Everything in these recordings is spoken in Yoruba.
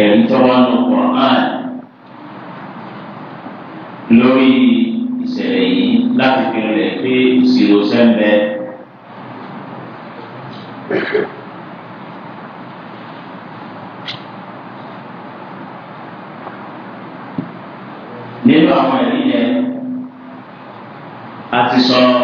ẹ̀rí tọ́wọ́ nù Quran lórí ìṣẹ̀lẹ̀ yìí láti fi rẹ̀ pé ìṣirò sẹ́ńbẹ́. nínú àwọn ẹ̀rí yẹn a ti sọ̀rọ̀.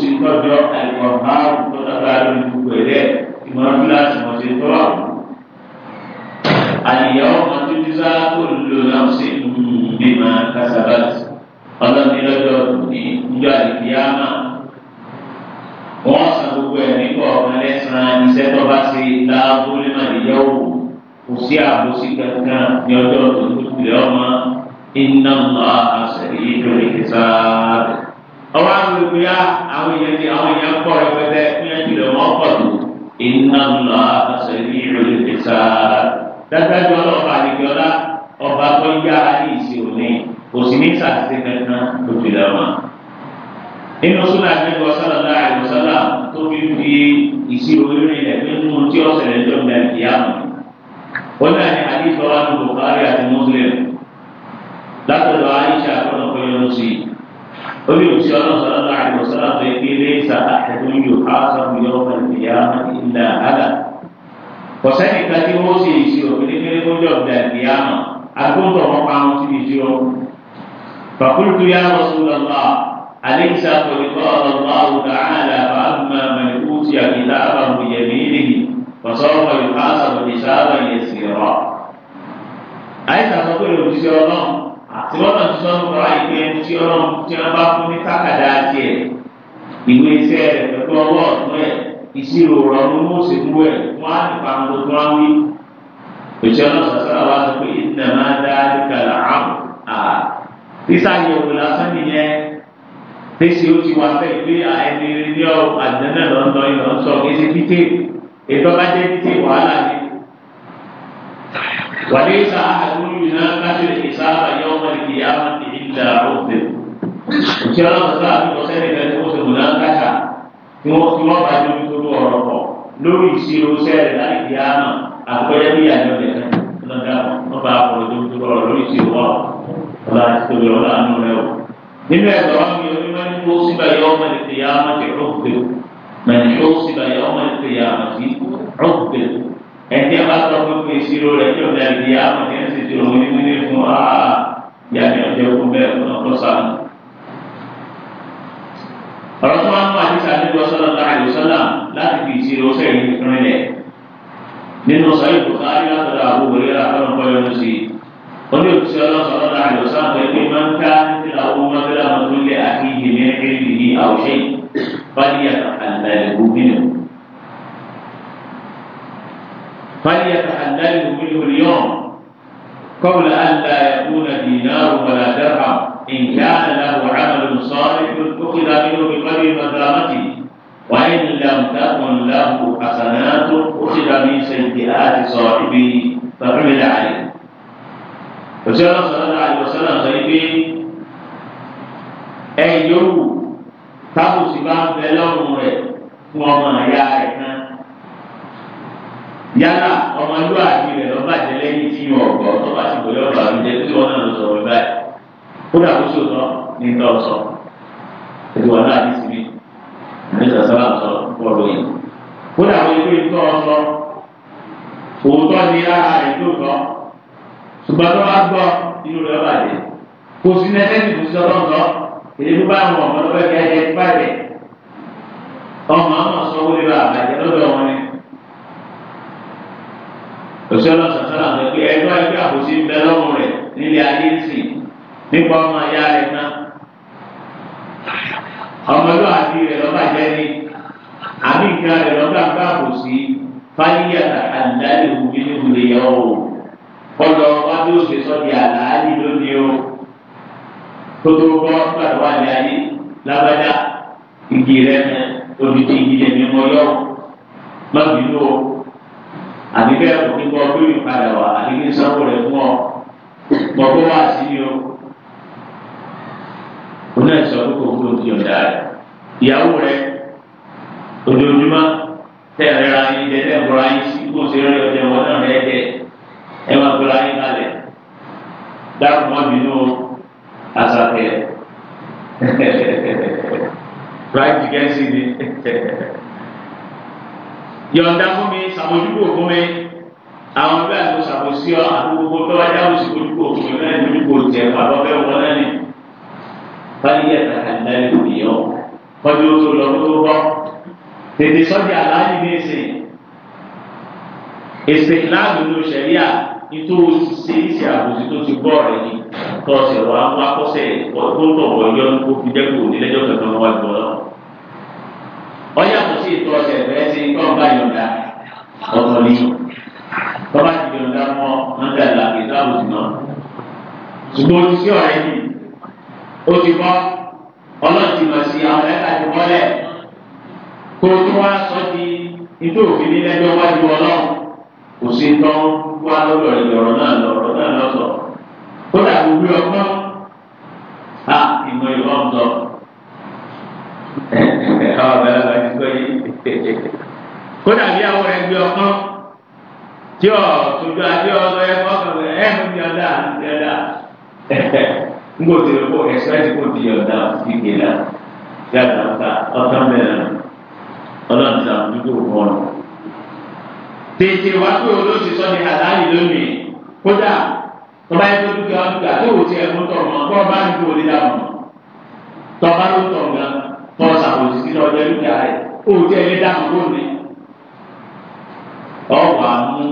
sí tọ́jọ́ àìkọ́ máa ń tọ́jọ́ bá lórí gbogbo ẹ̀rẹ́ ìmọ̀ràn kíláàsì wọn ti tọ́ àwọn. àyẹ̀wò wọn ti ti sá kó lò náà sí bí máa kásábàtì ọlọ́ni lọ́jọ́ ní ìjọ àdìyámà wọ́n san gbogbo ẹ̀ nípa ọ̀kan lẹ́sàn-án iṣẹ́ tó bá ṣe láàbù lẹ́mọ̀ ìyẹ́wò kò sí àbòsí kankan ní ọjọ́ tó ń tó kulẹ̀ ọmọ iná mọ́ àṣẹ yìí lórí ìsáàbẹ̀ ọwọ́ àwọn olùkọ́ yá àwọn èèyàn ti àwọn èèyàn pọ̀ rẹpẹtẹ fún yẹn tilẹ̀ wọ́n pọ̀ tó iná lọ àtàṣe ní ìròyìn ìta dájájú ọlọ́ọ̀bà àdìgbọ́lá ọba tó yára ní ìṣirò ní kò sí ní sàtìsí kankan tó fi lọ mọ́. nínú súnà àgbẹ̀gbọ́ sálọ̀ náà àìmọ̀sálà tó fi fi ìṣirò rírìn rẹ̀ nínú tí ọ̀sẹ̀ rẹ̀ jọ bẹ̀rẹ̀ kíyàmù. ó náà ní àdìgbọ́lá ní orí òṣìṣẹ́ ọlọ́sọ̀rọ̀ láàrin òṣìṣẹ́ ọ̀sẹ̀ kéré sa àtẹ̀tún yóò á sọ̀rọ̀ yọ ọ̀pẹ̀lẹ̀yà ìlà àlà. kọ̀sẹ́nì kan tí wọ́n ṣe ìṣirò kékeré tó jọ ọ̀dà ìyá mọ̀ agbóńtọ̀ wọn pa wọn síbi ìṣirò. fàkúrútù yá lọ sí lọ́lá àlẹ́sà pẹ̀lúkọ́ ọ̀lọ́lá ọ̀dà àlà fàámà mẹ̀lúkútì àkìtàbà òyẹ̀mí àti lọ́nà tí wọ́n ń kọ́ra ìgbé ẹni tí ọlọ́run tí wọ́n bá fún ní tákàdá tiẹ̀ ìwé iṣẹ́ rẹ̀ pẹ̀lú ọwọ́ ọ̀tún ẹ̀ ìṣirò ọ̀rọ̀ mú òṣèlú ẹ̀ wọ́n á nípa àwọn tó wọ́n wí. òṣìṣẹ́ náà sọ̀rọ̀ wá sọ pé ìdílé máa dá kàlà áàmù à tíṣà yẹ̀wò lásán nìyẹn tíṣì ó ti wá fẹ́ pé ẹni ní àdánù náà lọ́ وليس أحد يناقش الحساب يوم القيامة إلا عذر وكلا مساعد وسائل التي المناقشة في وقت وضع يقول ورقه lórí ìṣirò sẹ́rẹ̀ láì di àmà àpẹẹrẹ bí àjọ rẹ̀ lọ́dà wọn bá àpọ̀lọ̀ tó ń tó rọrọ̀ lórí ìṣirò wọn ọ̀la ìṣòro ọ̀la àánú rẹ̀ o. nínú ẹ̀rọ wọn ni onímọ̀ ní kó síbà yọ ọmọ ní tèyà ọmọ tẹ ọ̀gbẹ́ mẹ̀ni kó síbà yọ ọmọ ní tèyà ọmọ tí ọ̀gbẹ́ ẹtí ọba sọ gbogbo ìṣirò rẹ tí ọba ẹbí àwọn tí ń ṣètò òun ní mímí fún wa yàtí ọjọ́ fún bẹ́ẹ̀ fún ọkọ sáà. ọ̀rọ̀ tó máa ń mú àdìsá nígbà sọ́dọ̀ tá àyè sọ́dà láti fi ìṣirò sẹ́yìn rinlẹ̀ nínú sọ́yìn bùkárí látọ̀dọ̀ àbúrò rẹ̀ látọ̀dọ̀ kọ́ yọnu sí i. ó ní òkúsí ọlọ́sọ̀rọ̀ tá àyè sọ́dà pé pé máa ń ká nílà owó mọ́tẹ́lá mọ́tò فليتحلله منه اليوم قبل أن لا يكون دينار ولا درهم إن كان له عمل صالح أخذ منه بقدر مدامته وإن لم تكن له حسنات أخذ من سيئات صاحبه فحمل عليه وسلم صلى الله عليه وسلم سيدي أي يوم tábùsì bá ń bẹ lọ́rùn rẹ̀ yálà ọmọlúwàbí rẹ̀ lọ́ba jẹ́ lẹ́yìn tí yóò gbọ́ tó bá ti gbòòrò ọ̀rọ̀ àbújẹ́ tó wọn náà lọ sọ̀rọ̀ báyìí kódà kó sòtọ́ ní tọ́ sọ ètò wọn náà ní síbi ní sàṣàlà sọ bọ́ọ̀lù yìí kódà kó ikú ìtọ́ sọ òótọ́ ni ara rẹ̀ tó tọ́ ṣùgbọ́n tó bá gbọ́ inú rẹ̀ bàjẹ́ kò sí nẹ́tẹ́tì tó sọ èyí tó bá wọn ọmọ lọ́fẹ́ kẹ́ ẹ òṣèlú sàtàlà rẹ pé ẹgbẹ́ ẹgbẹ́ àbòsí ń bẹ lọ́rùn rẹ nílé ayé sì nípa ọmọ ayá rẹ náà ọmọlúwa àti rẹ lọ́ba jẹ́ ní àbí ìka rẹ lọ́ba ń bá àbòsí fáyíyàtà àdáyé òbí ní ìwúlẹ̀ yẹ ọ́ ọlọ wá bí ó ṣe sọ di àlàálì lónìí o tó tó bọ́ gbàdúrà wà ní ayé lábàdá igi rẹ omi tí igi lè mímọ yọ má bínú o àbí bẹ́ẹ̀ kò ní kọ́ pé ìpadà wà àbí kí sanwó rẹ̀ fún ọ gbọ́gbọ́ wá sí i o. oní ẹ̀sọ́ ló kò kúrò kí ọ̀dà rẹ̀ ìyàwó rẹ̀ ojoojúmọ́ tẹ̀lé ra yín jẹ́ tẹ̀lé ra yín sí kó ṣe rí ọjọ́ ìwọ náà rẹ̀ jẹ́ ẹ máa gbé yín kalẹ̀ dáhùn mọ́ bínú àṣàkẹ́ ráìtì kẹ́sì ni yọ̀ǹda fún mi sàmójúkò fún mi àwọn ìgbà tó sàkóso ọ àdúgbò tó wájà ó sì mójúkò fún mi lẹ́yìn mójúkò jẹ pàtó fẹ́ wọ́n lẹ́ni. fáyé ẹ̀ka lẹ́yìn ònìyàn kọjú oṣù lọ tó bọ́ tètè sọ́jà aláàjì ní ìsìn ìsìn láàbù ló ṣẹ̀ríà nítorí ṣe iṣẹ́ àbòsí tó ti bọ́ rẹ̀ ni tọ́sẹ̀ wàá wá kọ́sẹ̀ tó ń tọ̀wọ̀ yọ kó fi dẹ́kun òní lẹ́jọ́ kankan wájú ọlọ́run ọjà kò sí ètò ọ̀sẹ̀ bẹ́ẹ̀ ṣe tó ń bá yọ̀ǹda ọ̀tọ̀ ni tọ́ba ti yọ̀ǹda mọ́ nọ́ńdà làbí táwọn ti nà ṣùgbọ́n ojú sí ọ̀rẹ́ yìí ó ti bọ́ ọlọ́run ti mọ̀ sí àwọn ẹ̀ka ti mọ́lẹ̀ kó tó wá sọ di ìtò òfin nílẹ́jọ́ wájú ọlọ́run kò sí tán wá lọ́dọ̀ ìdọ̀rọ̀ náà lọ́rọ̀ náà lọ́sọ̀ kódà gbogbo ọgbọ́n a ah, ìmọ̀ ìwọ́n sọ ọ̀bẹ ọ̀bẹ gbọ́ yìí kódà bí àwọn ẹgbẹ́ ọkàn tí ọ̀ tójú àti ọ̀lọ́ ẹ̀kọ́ kan ẹ̀ ń bí ọ̀dà bí ọ̀dà n kò tẹ̀lé kó ẹ̀sìpẹ́tì kò di ọ̀dà kíkè la yàtọ̀ ọ̀tà ọ̀tà mẹ́rin ọlọ́run ti àwọn dúdú wọn. tètè wá pé olóṣìṣọ́ ni àdáyé lónìí kódà tọ́ba yẹn tó dúkìá dúkìá tó wò ti ẹ̀kú tọ̀ mọ́ tọ́ba ní kò lè dà mọ́ tọ́ba ló tọ̀ gan tọ́ sàbòsí sí ọjọ́ ìgbà rẹ̀ kó o jẹ́ ilé dáhùn kó ní. ọ̀wà mú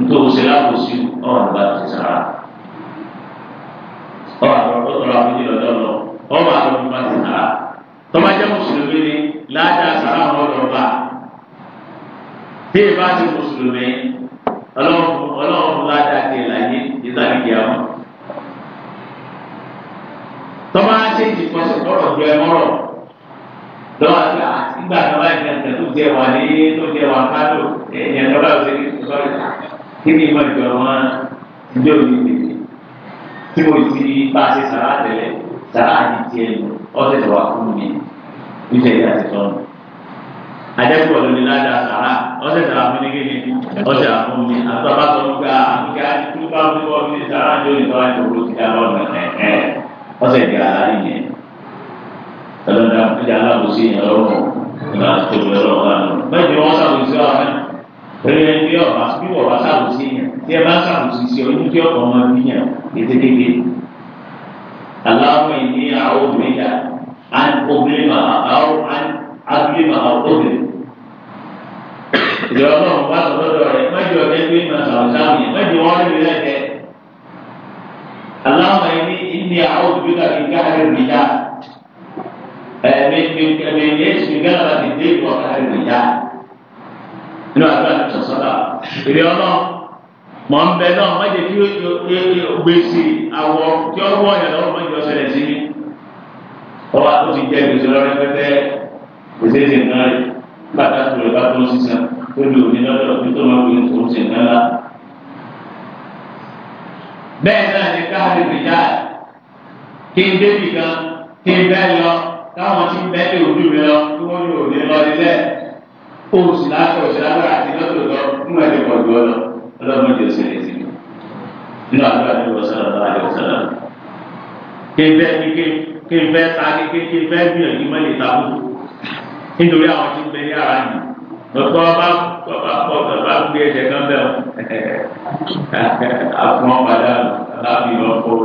ntòsí lábòsí ọ̀rọ̀ bá ti sára ọ̀rọ̀ àtọ̀rọ̀ tọ̀rọ̀ àbújá lọ́dọ̀ lọ ọ̀rọ̀ àtọ̀rọ̀ bá ti sára tọ́ba jẹ́ mùsùlùmí ni ládàá sára ọ̀rọ̀ bá tí ì bá ti mùsùlùmí ọlọ́run ọlọ́run ládàá kí ẹ láyé ìtàgé àwọn tọ́ba ṣe ìdìkọ̀sẹ̀ tọ̀rọ̀ jẹ́ lọ́wọ́ àti nígbà tó bá jẹ ẹsẹ̀ tó jẹ wà ní tó jẹ wà kálò ẹ̀yìn ẹ̀dọ́ bá òṣèré sọ́rí kí ni ìmọ̀ ìjọ wọn ìjọ mi tètè tí mo ti bá ṣe sàrà tẹ̀lẹ̀ sàrà àti tiẹ̀ lọ ọ̀sẹ̀ tó wà fún mi níṣẹ́ ìyá ti sọ̀rọ̀ àdẹ́kùn ọ̀dọ́ ni ládàá sàrà ọ̀sẹ̀ sàrà fún mi kéde ọ̀sẹ̀ àfún mi àtọ́bá sọ fún ká àfikà tó bá fún mi sàrà jọ ìtọ́wájú ọ̀sẹ̀ ìyá lọ́nà ọ̀sẹ̀ ìyá ẹlọ́dà ìjà alábòsí yẹn lọ́rùn ìgbà tó lè lọ́wọ́ àná. Bẹ́ẹ̀ni wọ́n sàbòsí ọ̀rẹ́ rẹ̀ bí ọ̀rọ̀ bí ọ̀rọ̀ sàbòsí yẹn tí ẹ bá sàbòsí sí ọdún tí ọ̀pọ̀ máa bí yẹn ètè kéke. Aláwọ̀ ìní àwọn obìnrin àn obìnrin mà àwọn abúlé mà àwọn obìnrin. Ìjọba náà wà lọ́dọ̀ rẹ̀ mẹ́jọ ẹgbẹ́ mà sàbòsí àwọn yẹn mẹ́jọ wọ́n rí lẹ́tẹ̀ẹ́. Aláwọ̀ ìní ìní àwọn obìnrin من من يسمي جلبة الدين وقهر الرجال o àgbà sọ̀sọ́dà ìrẹ́ ọ̀nà mọ̀ ń bẹ náà má jẹ́ kí ó gbèsè àwọ̀ tí ó wọ̀ yẹn lọ́wọ́ má jẹ́ ọ̀sẹ̀lẹ̀ sí mi. ọba tó ti jẹ gbèsè lọ́rẹ́ pẹ́pẹ́ gbèsè ti ń rárẹ̀ bàtà tó lè bá tó ń sísan tó lè òní lọ́dọ̀ tó tó máa gbé tó ń sìn náà. bẹ́ẹ̀ náà ni káàdì rìjà kí n débì kan kí n bẹ́ẹ̀ lọ káwọn ti bẹ́ẹ̀ lè ojú mi lọ kí wọ́n yóò ní lọ nílẹ̀ kó o sì láṣọ ìṣẹ́lágbára àti lọ́tò lọ fún ẹ̀mí pọ̀jù ọ lọ ọlọ́mọdé ọ̀sẹ̀ rẹ̀ sí mi nínú àdúrà ní ọ̀sán ọ̀sán ọ̀sán ọ̀sán kébẹ́ kíké kébẹ́ ta kíké kébẹ́ gbìyànjú mẹ́lẹ̀ táwọn nítorí àwọn ti bẹ ní ara yìí lọ́tọ́ bá bá pọ̀ bá gbé ẹsẹ̀ kan bẹ́ẹ̀ àfọ̀n padà lábì lọ́kọ́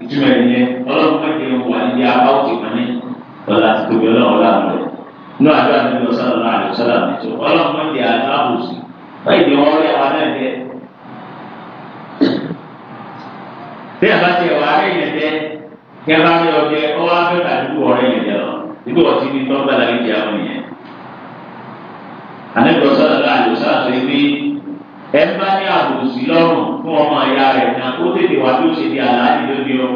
ìtumọ̀ ẹ̀yẹ ọlọ́run pẹ̀lú wà ní abá òkè kan ní ọ̀la àti tóbi ọlọ́run láàmú rẹ̀ nínú àjọ àdúgbò sálọ̀lá àdúgbò sálọ̀lá àti tó ọlọ́run pẹ̀lú aláàbòsí báyìí ni wọ́n rí àwọn aláìjẹ. bí a bá ti ẹ̀wà aláìjẹ jẹ kí a bá rí ọjẹ ọwọ́ afẹ́ àdúgbò ọ̀rẹ́ yẹn jẹ lọ nígbà wọ́n ti ní tọ́gbà lágbèjì àwọn yẹn. àdúgbò sálọ̀lá àdúgbò sálọ̀lá ẹ bá ní àbòsí lọ́rùn fún ọmọ ìyá rẹ̀ náà ó tètè wá bí ó ṣe di àlàájì lóde o.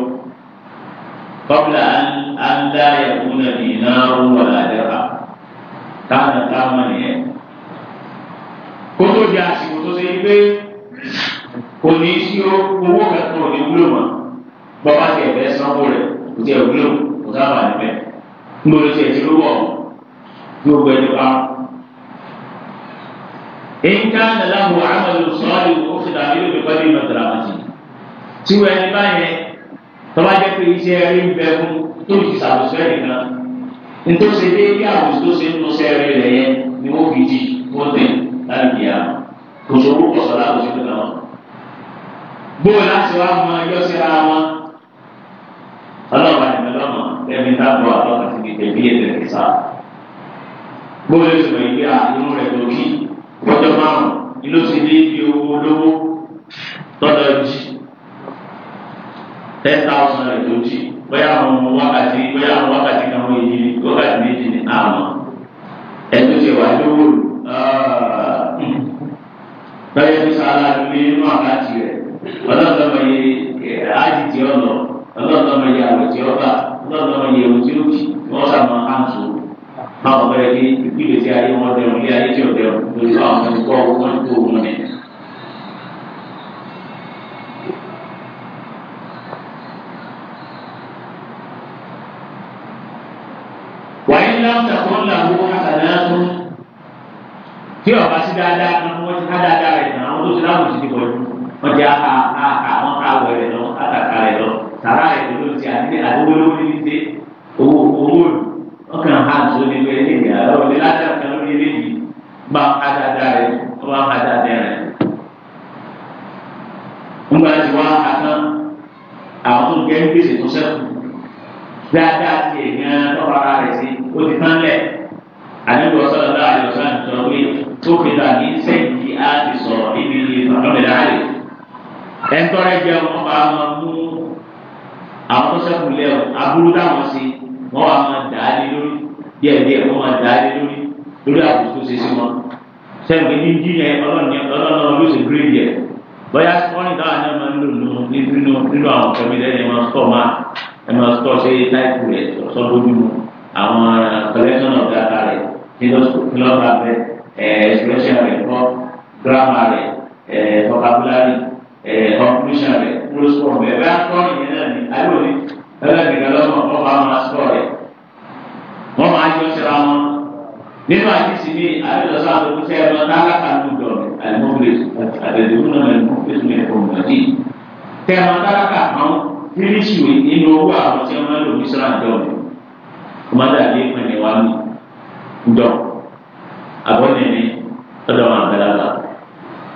kọ́bílà andá ẹ̀kú náà di iná owó àdẹ́rà táwọn táwọn nìyẹn. kótó di àsìkò tó ṣe pé kò ní í sí owó kankan ní wúlò mọ́ bọ́bá tiẹ̀ fẹ́ sanwó rẹ̀ kò tiẹ̀ wúlò kò sábà níbẹ̀. ń bolo tiẹ̀ ti lówó ọ̀ tí ó gbẹ nípa in kana lahu amalu salih ó fi tàbí ó fi kọ́ bí mọ̀tàlá àti tí wọ́n ẹni báyẹn tọ́ba jẹ́ pé iṣẹ́ rí ń bẹ fún tó ti ṣàbùsọ̀ nìkan nítòsí dé bí àbùsọ̀ tó ṣe ń lọ sẹ́ẹ̀rẹ́ rẹ̀ yẹn ni wọ́n fi di wọ́n tẹ̀ láti bìyà kò sówó kọ̀sọ̀ láàbùsọ̀ tó náà bóyá láti wá mọ ẹjọ́ síra wọn ọlọ́ọ̀bà ìmọ̀ lọ́mọ ẹ̀mí dábọ̀ àlọ́kàtì bíi tẹ̀bí ẹ̀tẹ̀ kìsà bóyá ìṣòro ìgbéra inú rẹ̀ lókì lọ́jọ́ márùn ìlú sì ní ibi owó olówó tọ́lọ̀ jì ten thousand rẹ̀ tó jì bóyá àwọn ọmọ wákàtí bóyá àwọn wákàtí kan wọ́n yé ni wákàtí méjì ni àmọ́ ẹ̀tọ́ ti wà lówó bẹ́ẹ̀ ní sàrà lórí inú àkáǹtì rẹ̀ ọlọ́dọ̀mọ yẹ ájì tí ọ lọ ọlọ́dọ̀mọ yẹ àwẹ̀ tí ọ bá ọlọ́dọ̀mọ yẹ ewu tí ó kì wọ́n sàmọ́ àǹsọ̀ báwọn bẹ̀rẹ̀ ní ìpìlẹ̀ tí ayé wọn dẹrùn ilé ayé tí ò dẹrùn lórí àwọn ọmọ ìkọ́ wọn tó wọn ni. wàyí láwùjọ kan làwọn àgbàdo náà tó tí ọba sí dáadáa kan wọ́n ti ká dáadáa rẹ̀ náà wọ́n tó ti láwùjọ ti bọ̀ jù wọ́n ti àhà àhà wọn ká lọ àtàkà rẹ̀ lọ sàrà rẹ̀ lọ́wọ́ ti àdúgbò lówó ní ní owó owó òdù ọkàn hàn tó ní pé ẹgbẹ́ àwọn òde láti ọkàn lórí eléyìí gba àdàdà rẹ̀ wọ́n àdàdà rẹ̀. Nígbà tí wọ́n á kàn àwọn tó gẹ́ gbèsè tó sẹ́kù dáadáa ti èèyàn tọ́ba ara rẹ̀ sí ó ti tán lẹ̀ àdébò sọ̀rọ̀ náà àdébò sọ̀rọ̀ náà sọ̀rọ̀ pé tó fi ta ní sẹ́yìn tí a ti sọ̀rọ̀ níbi ìfàlọ́mẹ̀dá rẹ̀ ẹ̀ńtọ́rẹ́ jẹ́ ọmọ bá wọn mú àwọn tó sẹ́kù lẹ́ọ̀ aburú táwọn sí i wọ́n wá máa dà á lé lórí díẹ̀ díẹ̀ wọ́n máa dà á lé lórí lórí àbùkù ṣe sí wọn sẹ́yìn pé ní jíjẹ ọlọ́run yẹn ọlọ́run ló ṣe gírí yẹ bóyá wọ́n ní táwọn náà máa ń lò nù nínú nínú àwọn kẹ́mi lẹ́yìn máa sọ máa ẹ̀ máa sọ ṣe táìpù rẹ̀ sọ́dọ́dún mu àwọn uh, collection of data rẹ̀ kílọ́ọ̀tà rẹ̀ eh, expression rẹ̀ kọ́ grammar rẹ̀ eh, vocabulary eh, conclusion rẹ̀ prosper rẹ̀ bá tọ́ ìyẹn náà ní ayọ̀ ẹlẹ́gbẹ̀rún lọ́mọ wọn bá wọn aṣọ rẹ̀ wọn máa yọ síra wọn nínú àdìsí ní àdìsọ́sọ́ àtòkùsẹ́ ẹ̀rọ tálákà ń dùn àlùmọ́gbèsè àdìsíwò náà àlùmọ́gbèsè ní ẹ̀kọ́ mọ̀lẹ́dì tẹ̀rọ tálákà kan fíríṣì wì nínú owó àwọn tí wọn lò ní sọ́ra jọ rẹ̀ kọ́mọ́dé àdé pẹ̀lẹ́ wa mi jọ àbọ̀nẹ̀ni ọ̀dọ̀ wọn àgbàlagbà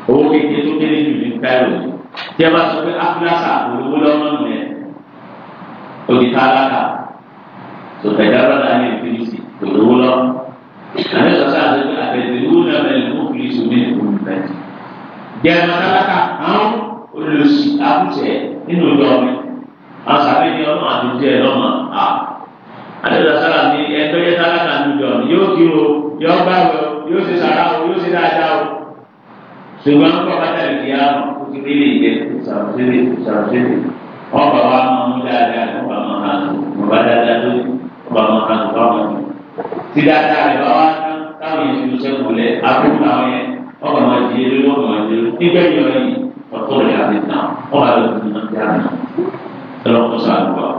owó kékeré tó kéré jù tálákà sọ̀tẹ̀dárọ̀ náà ní ìfìlísì kò lówó lọ. àmì sọ̀tẹ̀ àti àtẹ̀tẹ̀wò náà bẹ̀rẹ̀ fún ìfìlísì mi kò ní bẹ̀rẹ̀. jẹ́nu tálákà àwọn olùsì àkùsẹ̀ nínú ìjọ mi àwọn sàbẹ̀yẹ ọmọ àtúntì ẹ̀ lọ́mọ à. àti sọ̀tẹ̀ àti ẹgbẹ́ yẹ tálákà nínú ìjọ mi yóò kí o yóò bá o yóò ṣe sàrà o yóò ṣe dáadáa o. ṣùgbọ́n kọ́ bàtà ìdíyà ọ̀ ọba wa máa ń dáadáa ọba kan bàbá dáadáa ló bàbá máa kan bàbá máa kan tí dáadáa rẹ̀ bá wá táwọn yẹn ti ṣe kúlẹ̀ àbúrò àwọn yẹn wọ́n kàn máa di eré wọ́n kàn máa di eré nígbà ada. wọ́n yìí ọ̀tọ̀ rẹ̀ àti tàn wọ́n bá lọ sí iná tí a nà lọ́kọ̀ sọ àdúrà.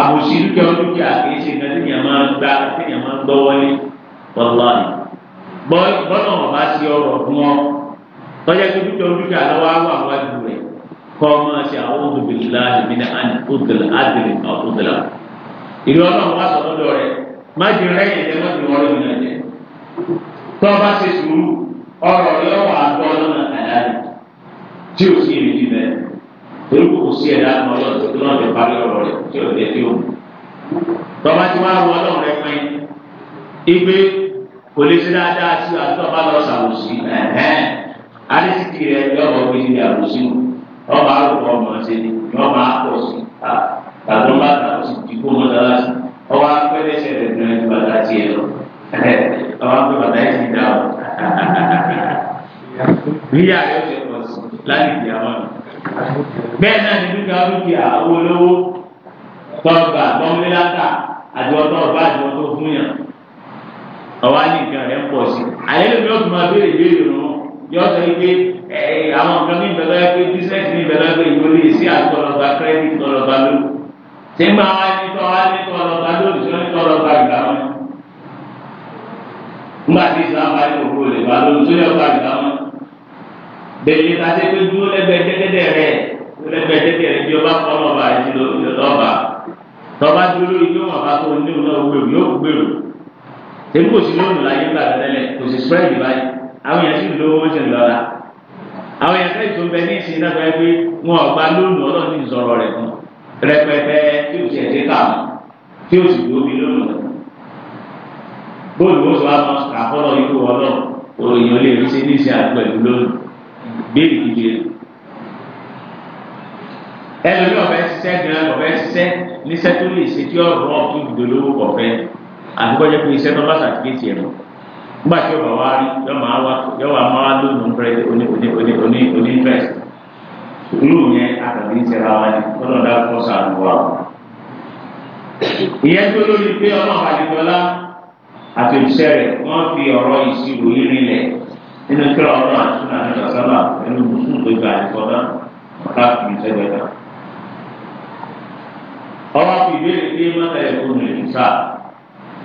àbòsí dúkìá dúkìá kìí ṣe orang. tíyẹn máa gbá tíyẹn máa gbọ́wọ́lé wọ́láì bọ́ọ̀nà ọ̀bá kọ́ máa ṣe àwọn olùbìlá ìbílẹ̀ àti òtẹ̀lẹ̀ àdìrẹ̀ ọ̀tọ̀tẹ̀lẹ̀. ìlú ọlọ́run wá sọ̀rọ̀ lọ rẹ̀ má jẹ rẹ́yìn jẹ má jẹ wọlé mi jẹ. tó o bá ṣe sùúrù ọrọ̀ yóò wà gbọ́ lọ́nà àyà rẹ̀ tí o sì rí bí bẹ́ẹ̀. torí kò sí ẹ̀dá ọlọ́run tó lọ́n ti parí ọ̀rọ̀ rẹ̀ tí o lè fi òun. tó o bá ti wá wọ ọlọ́run rẹ pẹ́ igbe kò dáadáa sí àtọ́ ọba àrùkọ ọmọ ṣe ni yọọ máa pọ̀ sí ta tàbí ọba àtàwọn sì ti kó mọ́tàlásì ọba pẹ́lẹ́sẹ̀ rẹ̀ dùn ẹ̀ bàtà tiẹ̀ lọ ọba pẹ́ bàtà yìí ti dà ọ́ níyà yóò ṣe pọ̀ sí láti di àwọn bẹ́ẹ̀ náà ní dúkìá dúkìá owó lówó tọ́gbà tọ́mílátà àjọ tọ́gbà àjọ tó fún yàn ọwọ́ á ní nǹkan rẹ̀ ń pọ̀ sí àyẹ̀lẹ́ mi ó máa béèrè béèrè rún yọ sọ yìí pé àwọn nǹkan ní ìbẹ̀rẹ̀ pé bísẹ̀sì ní ìbẹ̀rẹ̀ pé ìwé lè sí àtọ̀lọ́gba kírẹ́dìtì tọ̀lọ́gba ló ṣé máa wá ní tọ́ wá ní tọ́lọ́gba lórí tí wọ́n ní tọ́lọ́gba ìgbà wọn. nígbà tí ìsìlámù bá ní òkú lè bá lórí tí wọ́n ní tọ́lọ́gba bẹ̀rẹ̀ ta ṣe pé dúró lẹ́gbẹ̀ẹ́ dẹ́dẹ́ rẹ̀ lẹ́gbẹ̀ẹ́ dẹ́dẹ́ rẹ̀ bí ọba kọ́nà ọba àti lọ́ba àwọn èèyàn sì lówó wọn sì ń lọ́ra àwọn èèyàn sẹ́yìn tó ń bẹ ní ìsìn náà fẹ́ pé wọn ò gba lóònù ọlọ́run ní ìsọ̀rọ̀ rẹ̀ fún rẹpẹtẹ tí o sì ẹ̀ déka mọ́ tí o sì gbó mi lóònù bóòlù oṣù àmọ́ àkọ́lọ́ ikú ọlọ́run òròyìn olè rí sí ní ìsìn àgbẹ̀ ìlú lóònù béèrè ìdíje ẹlòmí ọ̀fẹ́ ṣiṣẹ́ gan ọ̀fẹ́ ṣiṣẹ́ níṣẹ́ tó lè ṣe tí ọ̀rọ̀ ọ̀tún ìdòlówó kọ̀fẹ́ àti kọ́jọ́ pé iṣẹ́ tó bá ṣàkíyèsí ẹ̀rọ nígbà tí ọba wa rí yọ máa wá yọ wá máa lónìí pẹrẹ oní oní oní oní oní fẹsẹ irú yẹn àtàlẹ́ ìṣẹ̀lá wa ni ọlọ́dà kọ́ sàánú wa. ìyẹn tó lórí pé ọlọ́run àdìgbọ́lá àti òṣìṣẹ́ rẹ̀ wọ́n fi ọ̀rọ̀ ìṣirò yìí rinlẹ̀ nínú kíra ọlọ́run àti súnà àti ọ̀sánà ẹnu mùsùlùmí tó gba àdìgbọ́lá ọ̀ká fi ìṣẹ́gbẹ̀ta. ọwọ́ fi ìbéèrè pé mọ́tà ẹ̀kọ́ nù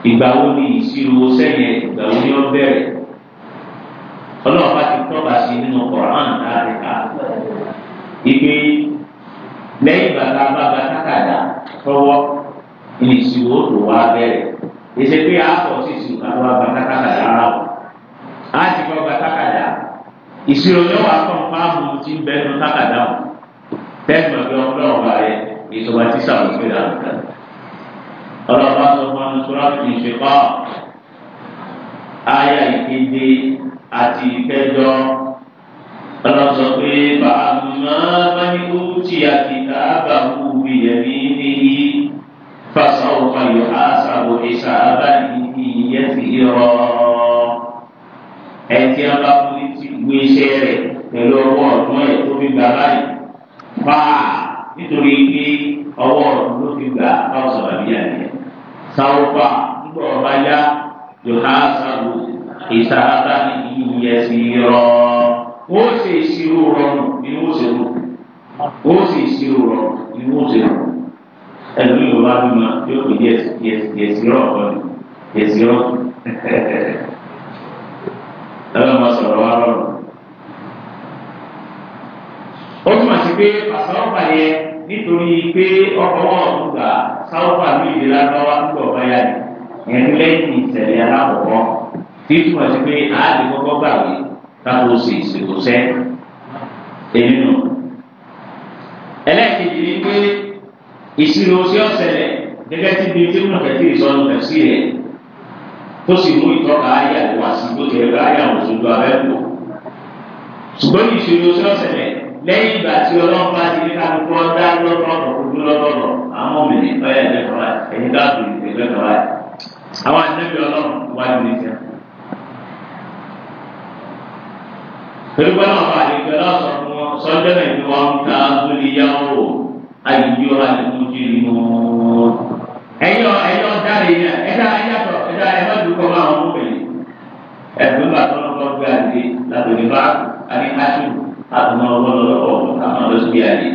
ìgbà wo ni ìṣirò sẹ́yìn ìgbà wo ni ó bẹ̀rẹ̀ ọlọ́run bá ti tọ́ka sí nínú Qur'an láti ká ìgbé lẹ́yìn bàtà bàbá tákàdá tọwọ́ ní ìṣirò tó wá bẹ̀rẹ̀ èsì pé àpọ̀ sí ìṣirò kàtó wá bàtà tákàdá rà wọ́n á ti kọ́ bàtà tákàdá ìṣirò yóò wá kọ́ fáàmù tí ń bẹ́ẹ̀ nù tákàdá wọn tẹ́sán ọ̀gbẹ́ ọlọ́run bá rẹ̀ ètò bá ti sàmùsùn ìlànà kan ọlọ́pàá sọ fún anusura fi ṣèpá àyà ìkéde àti ìkẹjọ ọlọsọ pé bàmà mẹnikú tí a ti ká bàmú bìyẹmí níhi fasáwò fàyọ àṣàbò ìṣàbà ìyẹn ti rọ ẹtí abáwọlé ti gbé iṣẹ́ rẹ̀ pẹ̀lú ọwọ́ ọdún ẹ tó fi gbà báyìí pa nítorí pé ọwọ́ ọdún ló fi gbà báwọ sọ̀rọ̀ bí yàrá sáwọ́pà nígbà ọba yá yòhásáwò ìsàlátà ní ìyẹsì rọ wọ́n ṣe ìṣirò rọrùn ni wọ́n ṣe rò wọ́n ṣe ìṣirò rọrùn ni wọ́n ṣe rò ẹ̀dùn yorùbá bí ma yóò fi yẹsì rọ ọ̀dọ́ yẹsì rọ ẹ̀rọ ma sọ̀rọ̀ wa rọrùn. ó túmọ̀ sí pé pàṣẹ ọ̀pá yẹn nítorí pé ọkọ̀ wọn gbà sáwọ́pà ní ìlera lọ́wọ́ nígbà ọ̀bá ni ìyẹn ní lẹ́yìn ìṣẹ̀lẹ̀ alákọ̀ọ́kọ́ tí túmọ̀ sí pé àádé kọ́kọ́ gbà wí káko sì ìṣèkò sẹ́ èmi nù. ẹlẹ́ẹ̀kejì ni pé ìṣirò sí ọ̀sẹ̀lẹ̀ gẹ́gẹ́ tí bíi tí wọn kẹ́kẹ́ ìsọnù rẹ̀ sí rẹ̀ tó sì mú ìtọ́ka ayé àti wàásù tó kẹ́kẹ́ ayé àwọn òṣèlú abẹ́kù ṣùgbọ́n ìṣirò sí ọ̀sẹ̀lẹ̀ lẹ́yìn ìgbà tí ọlọ́run bá ti ní kálukú ọ̀dá lọ́tọ̀ọ̀tọ̀ gbogbo lọ́tọ̀ọ̀tọ̀ àwọn ọmọ mi ọ̀yà ẹ̀dẹ̀kọ̀ wa ẹ̀yin dáàbò ìgbẹ́kọ̀ wa àwọn àtẹ́bí ọlọ́run wà ní ìjà. pẹ̀lú pẹ̀lú àwọn àlejò ọlọ́sọ̀ fún wọn sọ́jọ́ náà ni wọ́n ń ta lórí yàwó ayíyọ́ àdìmújì nù. ẹ̀yọ́ ẹ̀yọ́ dáre yẹn ẹ̀dá ẹ̀yàtọ̀ ẹ̀dá ẹ̀mọ́ dùkọ́ máa ń mú bẹ̀rẹ̀ ẹ̀dùn bàtọ́ lọ́kọ́ gbé àdé làbẹ̀rẹ̀ bá àdé àtúmọ̀ ọgbọ́n lọ́wọ́ àwọn lọ́sibí àyè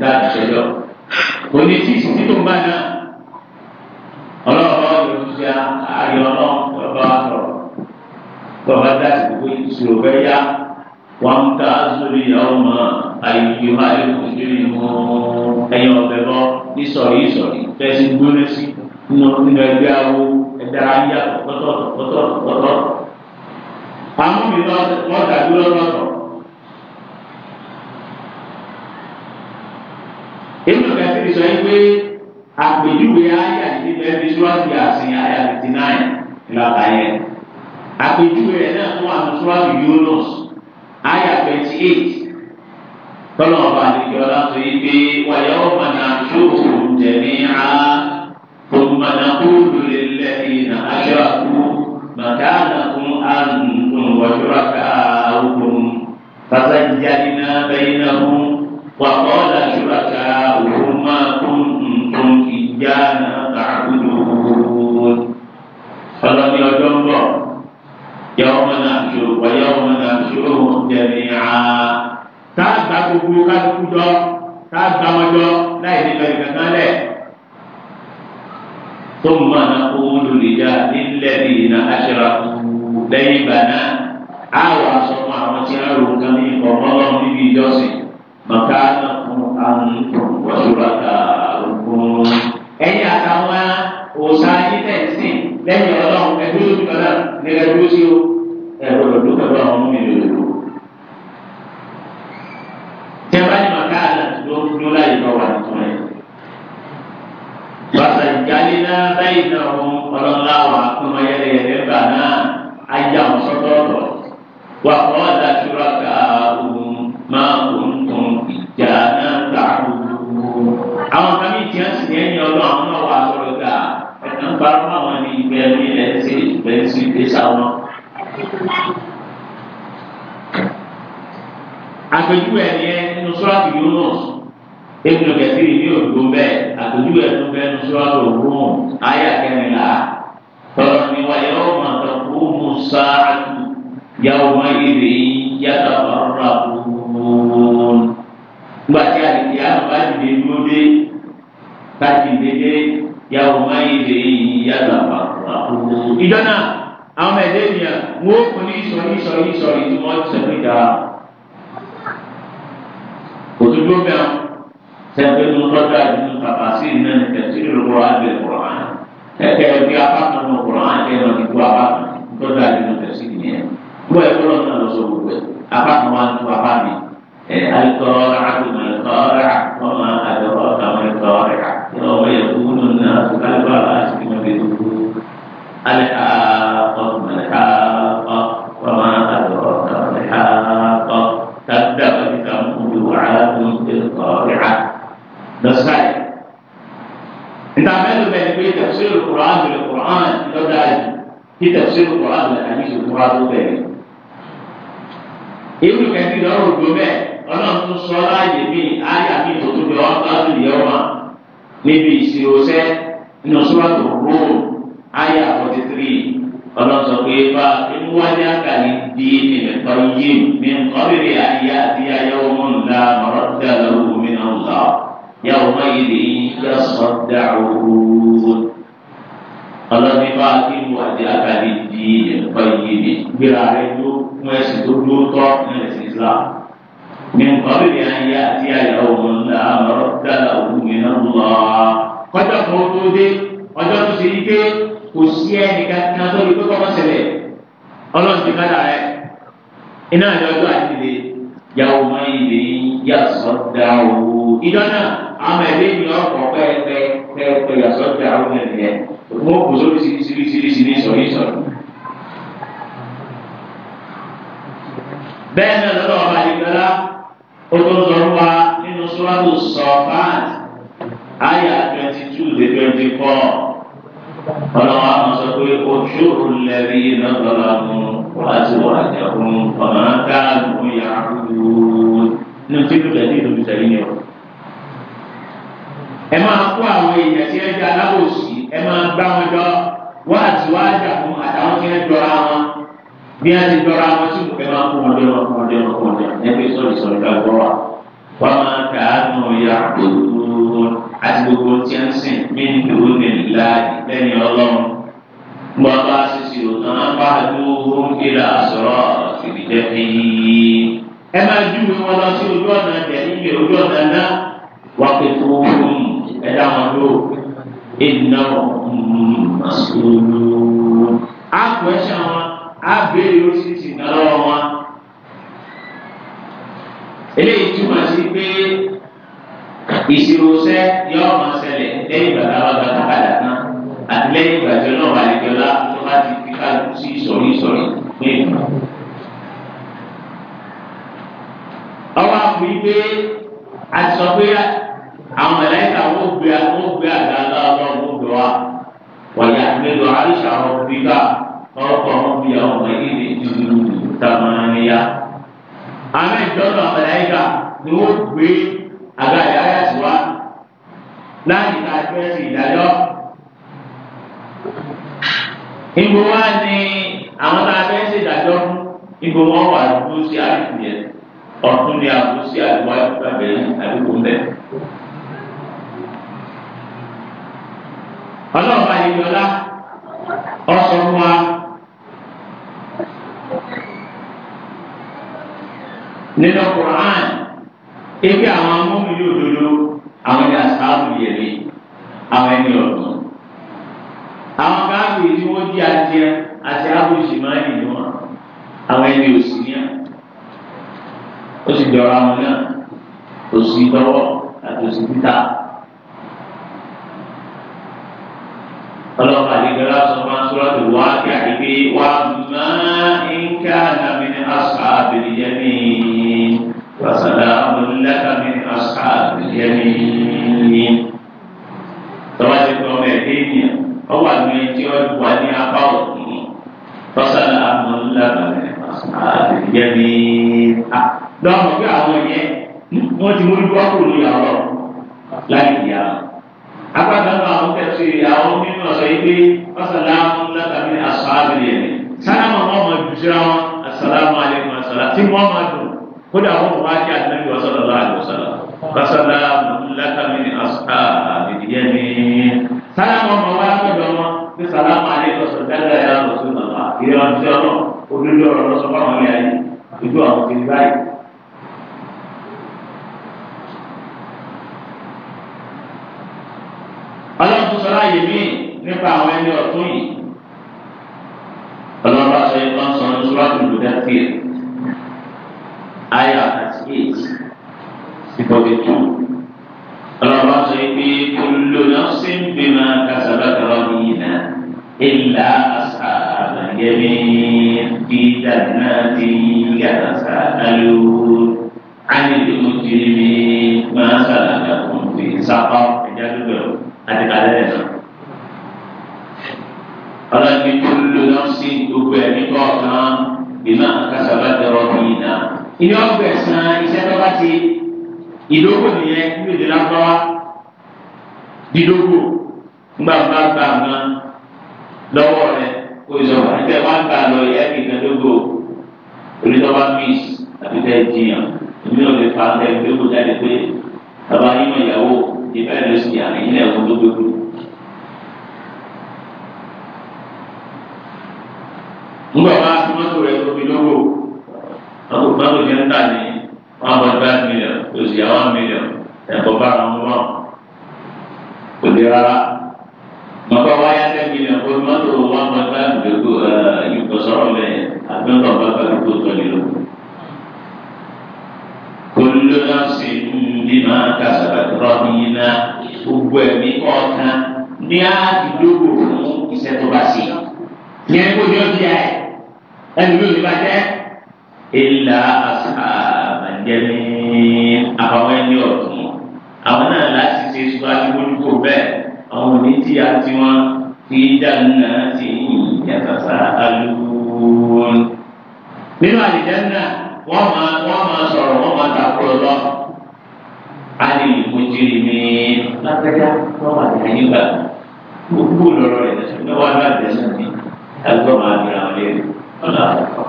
láti ṣẹjọ́ òní tí ìsìnkú tó ń bá náà ọlọ́wọ́ yóò ṣe àyè ọlọ́ ọba sọ̀rọ̀ bàbá dáàsì gbogbo ìṣòro bẹ́ẹ̀ yá wọn ká sórí ìyàwó mọ́ àyè máa yẹ kó sórí mọ́ ẹ̀yìn ọ̀bẹ bọ́ nísọ̀rí ìsọ̀rí fẹ́ẹ́sì gbóná sí nínú ẹgbẹ́ awo ẹ̀dá ayé àtọ̀kọ́tọ̀ àtọ̀kọ́tọ̀ àtọ̀kọ́tọ̀ àwọn mìíràn wọ́n dàbí lọ́tọ̀ọ̀tọ̀ fi sọ yín pé àpèjúwe àyà yìí bẹ́ẹ̀ fi súrọ́ọ̀tì àsìn àyà fifty nine lọ́ta yẹn àpèjúwe rẹ̀ náà fún àwọn súrọ́ọ̀tì Yunus àyà twenty eight tọ́lọ̀ ọba àdìgbọ́lá sọ yìí pé wàyà ọ̀pọ̀ náà ṣòwò jẹ̀mí á ثم نقول للذين أشركوا مكانكم أنتم وشركاؤكم فسجلنا بينهم وقال شركاؤهم ìyáàna ta'budun ọlọ́ni ọjọ́ ń bọ̀ yawma nahshuru wa yawma nahshuruhum jami'a tá a gba gbogbo kálukú jọ tá a gba wọn jọ láì ní lọ ìkankan lẹ̀ thumma naqulu lilladhina ashraku lẹ́yìn ìgbà náà á wà sọ fún àwọn tí ẹ̀yin àtàwọn òòṣà ayé tẹ̀sìn lẹ́yìn ọlọ́run ẹgbẹ́ lójú kan náà nígbà tó ṣe o ẹ̀rọ lọ́dún pẹ̀lú àwọn ọmọ mi lòlò. tẹ́wá ní màkà àdàtúndó ló láyé lọ wà tuntun rẹ̀. bàtà ìjálé náà báyìí náà wọn ọlọ́lá wà kọ́mọ yẹlẹyẹlẹ gbà náà ajá wọn sọ́tọ̀ọ̀tọ̀ wà kọ́ àpèjúwe ẹ̀yẹ nínú sọ́ọ̀tì Yunus ebi nù kẹsì ní òdo bẹ́ẹ̀ àpèjúwe ẹ̀tún bẹ́ẹ̀ nínú sọ́ọ̀tì òwúrọ̀ ayé àkẹ́mìlá tọ́lọ́ ni wáyé ọmọ àtàkù musaatu yàwó má ìrè yàtọ̀ ọ̀rọ̀ àkùnrin. gbàtí àdìdì àwọn bá dìde dúró dé ká dìde dé yàwó má ìrè yàtọ̀ ọ̀rọ̀ àkùnrin. ìjọ náà àwọn ẹ̀dẹ́ ènìyàn wọ́n kò ní sọ̀rí sọ̀rí sọ̀rí tí wọ́n ti sọ̀rí dáa dúró bẹ́ẹ̀ sẹ́ńpẹ́ tó lọ́dọ̀ àdínú kàkà sí iná ní tẹ̀sí ìrọ̀rọ̀ àgbẹ̀ kùrán ẹ̀kẹ́ bí apákan náà kùrán ẹ̀kẹ́ náà ti tó apákan lọ́dọ̀ àdínú tẹ̀sí nìyẹn tó ẹ̀ tó lọ́dọ̀ lọ sọ gbogbo ẹ̀ apákan wa tó apá mi ẹ̀ alikọ́ra àtùmọ̀lẹ́kọ́ra ọmọ àdọ́kọ́ kàmọ́lẹ́kọ́ra ọmọ yẹ القرآن بالقرآن لو دعنا في تفسير القرآن بالحديث المراد به ewu kẹntì lọrọ gbọmẹ Ọlọ́run tún sọ láàyè mi àyà mi tó tóbi ọgbà tó yẹ ọmọ níbi ìṣirò sẹ nínú sọlátò rome àyà forty three Ọlọ́run sọ pé bá inú wájú àkàlì di nílẹ̀ tó yé mi nkọ́bìrì ayé àti ayé ọmọ ńlá mọ̀rọ̀ dà lọ́wọ́ mi náà lọ yàwó má yé lè yí lọ́sọ̀ọ́ dà òwúrò ọlọ́ni bá kí n wà dé àtàlí di ẹ̀kọ́ yìí ni gbéra rẹ tó fún ẹ̀sìn tó dúró tọ́ ní ẹ̀sìn Islam ní nǹkan bíbí ayé àti àyàwó ńlá ọ̀rọ̀ dára òun mi náà lọ. kọjọ́ kan ó tó dé ọjọ́ tó ṣe yíké kò sí ẹnì kankan tó lè kókó mọ́sẹ̀lẹ̀ ọlọ́run ti ká dàrẹ́ iná ìjọ ọjọ́ àtìlẹ yàwó máa ń lè yàtọ̀ dà owó ìjọ náà àwọn ẹ̀dẹ́ mi ọkọ̀ pẹ́ẹ́pẹ́ pẹ́ẹ́pẹ́ yàtọ̀ dà wọn kò sóbi síbísíbísíbísí ní sọ̀rí sọ̀rí. bẹ́ẹ̀ náà lọ́dọ̀ ọba ìgbẹ́lá olóńdọ̀rọ̀wá nínú sọ́wọ́tò sọ̀fáàt àyà twenty two dé twenty four ọlọ́wọ́ àwọn sọ pé ojú òlẹ́rí náà lọ́la mú láti wà jẹun ọ̀nà dáàbò yàrá nínú tí ó lẹ́ni ìlú bìtẹ́lí ẹ máa gbá wọn jọ wá àti wá àjà fún àtàwọn tí wọn jọra wọn bí wọn ti jọra wọn tí kò fẹ́ máa kó wọn dẹ́wọ̀n kó wọn dẹ́wọ̀n kó wọn dẹ́wọ̀n ẹgbẹ́ sọ̀rọ̀ sọ̀rọ̀ ká gbọ́ wa. wọ́n máa kà á nù ya gbogbo àti gbogbo tí wọ́n sìn mí ní gbogbo nílá lẹ́yìn ọlọ́run. wọ́n bá ṣiṣẹ́ òtún apá àdúgbò kíra sọ̀rọ̀ ìdíjẹ́ fi ẹ máa dúró wọn lọ sí ojú ọ̀nà tẹ̀lé ojú ọ̀nà náà wọ́n pè fún wọn lóògùn iná ìmọ̀sòlò. a kò ẹ̀ṣẹ̀ wọn a béèrè oríṣiríṣi ìdánwò wọn. eléyìí túmọ̀ sí pé ìṣirò sẹ́ yọ ọmọ ṣẹlẹ̀ lẹ́yìn ìgbà táwọn bá kákàdá tán àti lẹ́yìn ìgbà tí ọlọ́run àlejòlá tó bá ti fi kálukú sí ìsọ̀rí ìsọ̀rí fún ìmọ̀. ọwọ́ àpò yìí pé àti sọ pé àwọn mẹ̀lẹ́kà wọ́n gbé àgbà ويحمل عرش ربك فوقهم يومئذ جنود ثمانية أما الجنة ملائكة نوح بي أغا يا يسوع لا يتعجب سيدنا ìgbò wa ni àwọn tá a fẹ́ ṣe ìdájọ́ fún ìgbò wọn wà lóṣù àdúgbò yẹn ọ̀tún ni àdúgbò sí àdúgbò àdúgbò àbẹ̀yẹ àdúgbò mẹ́rin. ọlọ́run bá yẹn lọ́la ọ̀sọ̀ fún wa. nínú Qur'an ebi àwọn amóhùnmí òdodo àwọn ẹni àsáàbù yẹmi àwọn ẹni ọ̀dọ́ àwọn káàbì tí wọ́n di adìẹ àti abòsì máa ń yìí wọn àwọn ẹni òsì ní à ó sì jọra wọn náà òsì lọ́wọ́ àti òsì títà. ọlọ́pàá àdìgbẹ́lá sọ fún asọ́rọ́dù wá kí àdìgbé wá máa ń ká nàmí ní asọ́ àbẹ̀lẹ́yẹ mi wàsàdà ọmọlẹ́ka mi ní asọ́ àbẹ̀lẹ́yẹ mi. tọ́wá ti tọ́ ọmọ ẹ̀dẹ́ ènìyàn ọwọ́ àmì ẹtí ọdún wà ní apá òkun wàsàdà ọmọlẹ́ka ní asọ́ àbẹ̀lẹ́yẹ lọ́wọ́ pé àwọn yẹn wọ́n ti mú ibú ọkùnrin yàrá láì yàrá agbada náà àwọn kẹsì àwọn mímọ̀ sọ yìí pé wasalamu látàmì asọ́àbì yẹn sálámù wọn máa dùn síra wọn asalamu aleykum asala tí wọn máa dùn kódà wọn wá kí àtúnṣe wọn sọlọ lọ àlọ sọlọ wasalamu látàmì asọ́àbì yẹn sálámù wọn wá lọ́dọ̀ wọn ní sálámù aleykum sọ dáadáa yà lọ sọlọ lọ àkìrẹ wọn ti ọlọ olùdó ọ̀rọ̀ lọsọ fáwọn ilé ayé ojú àwọn kiri báyìí. tún sọ láàyè míì nípa àwọn ẹni ọ̀tún yìí. ọlọ́ba sọ yìí kan sọ ní sọ́láàtì lùdàkì àyà àti èyí ìbọ̀dé tún. ọlọ́ba sọ yìí pé kullu nafsin bima kasabat radina illa ashabal yamin fi jannatin yatasaa'alun. عن المجرمين ما سلككم في سقر اجل àti kàlẹ́ rẹ̀ náà. ọlọ́ni kúlù náà sí gbogbo ẹ̀mí kọ̀ọ̀kan bímọ kásábà dẹ̀rọ̀ yìí náà. ilé ọgbẹ̀ san iṣẹ́ tó bá ti ìdógò nìyẹn ní èdè lágbáwá dídógò ńgbà bá gbà gan lọ́wọ́ rẹ̀ kó ìṣòro àti ẹ̀ wá gbà lọ ìyá kìkan dógò onítọ́ba miss àti tẹ́ jiyàn èmi náà lè fa ẹ̀ gbégbó jáde pé bàbá yín mọ̀ ìyàwó ìbẹ́ ló sì àrẹ̀yìn lẹ́wọ̀n tó gbẹ́kú. ńgbà wá sí mọ́tò rẹ̀ tó fi lọ́wọ́ mọ́tò mọ́tò yẹn ń tà ní one point five million oṣù yà one million ẹ̀kọ́ bá àwọn ọmọ kò dé rárá mọ̀tò wá yá ten million kó mọ́tò one point five gbẹ́kú ìkọ̀ sọ̀rọ̀ lẹ́yìn àgbẹ̀ńtọ̀ bá bàbá tó tọ́lé lóko. كل نفس bímọ kásọ̀rọ̀ rọ́mìnà gbogbo ẹ̀mí kọ̀ọ̀kan ní àdúgbò fún iṣẹ́ tó bá ṣe. yẹn kó ní ọdún yà ẹ ẹnu yóò ní bá jẹ. ìlà àbàjẹ́mi àbáwọn ẹni ọ̀tún àwọn náà láti ṣe síwájú lójúkọ bẹ́ẹ̀ àwọn òní tí a ti wọn kí dáná ti yàtọ̀ sáà alùpùpù. nínú àlìjẹ́ náà wọ́n máa sọ̀rọ̀ wọ́n máa tàkùrọ̀ lọ ali ìkojiri mi lágbájá wọn wà ní ayé gbà gbogbo lọ́rọ̀ rẹ lọsọ wọn wà ní àdéhùn mi àgbọn máa bẹ̀rẹ̀ àwọn ilé ọlọ àkọ́kọ́.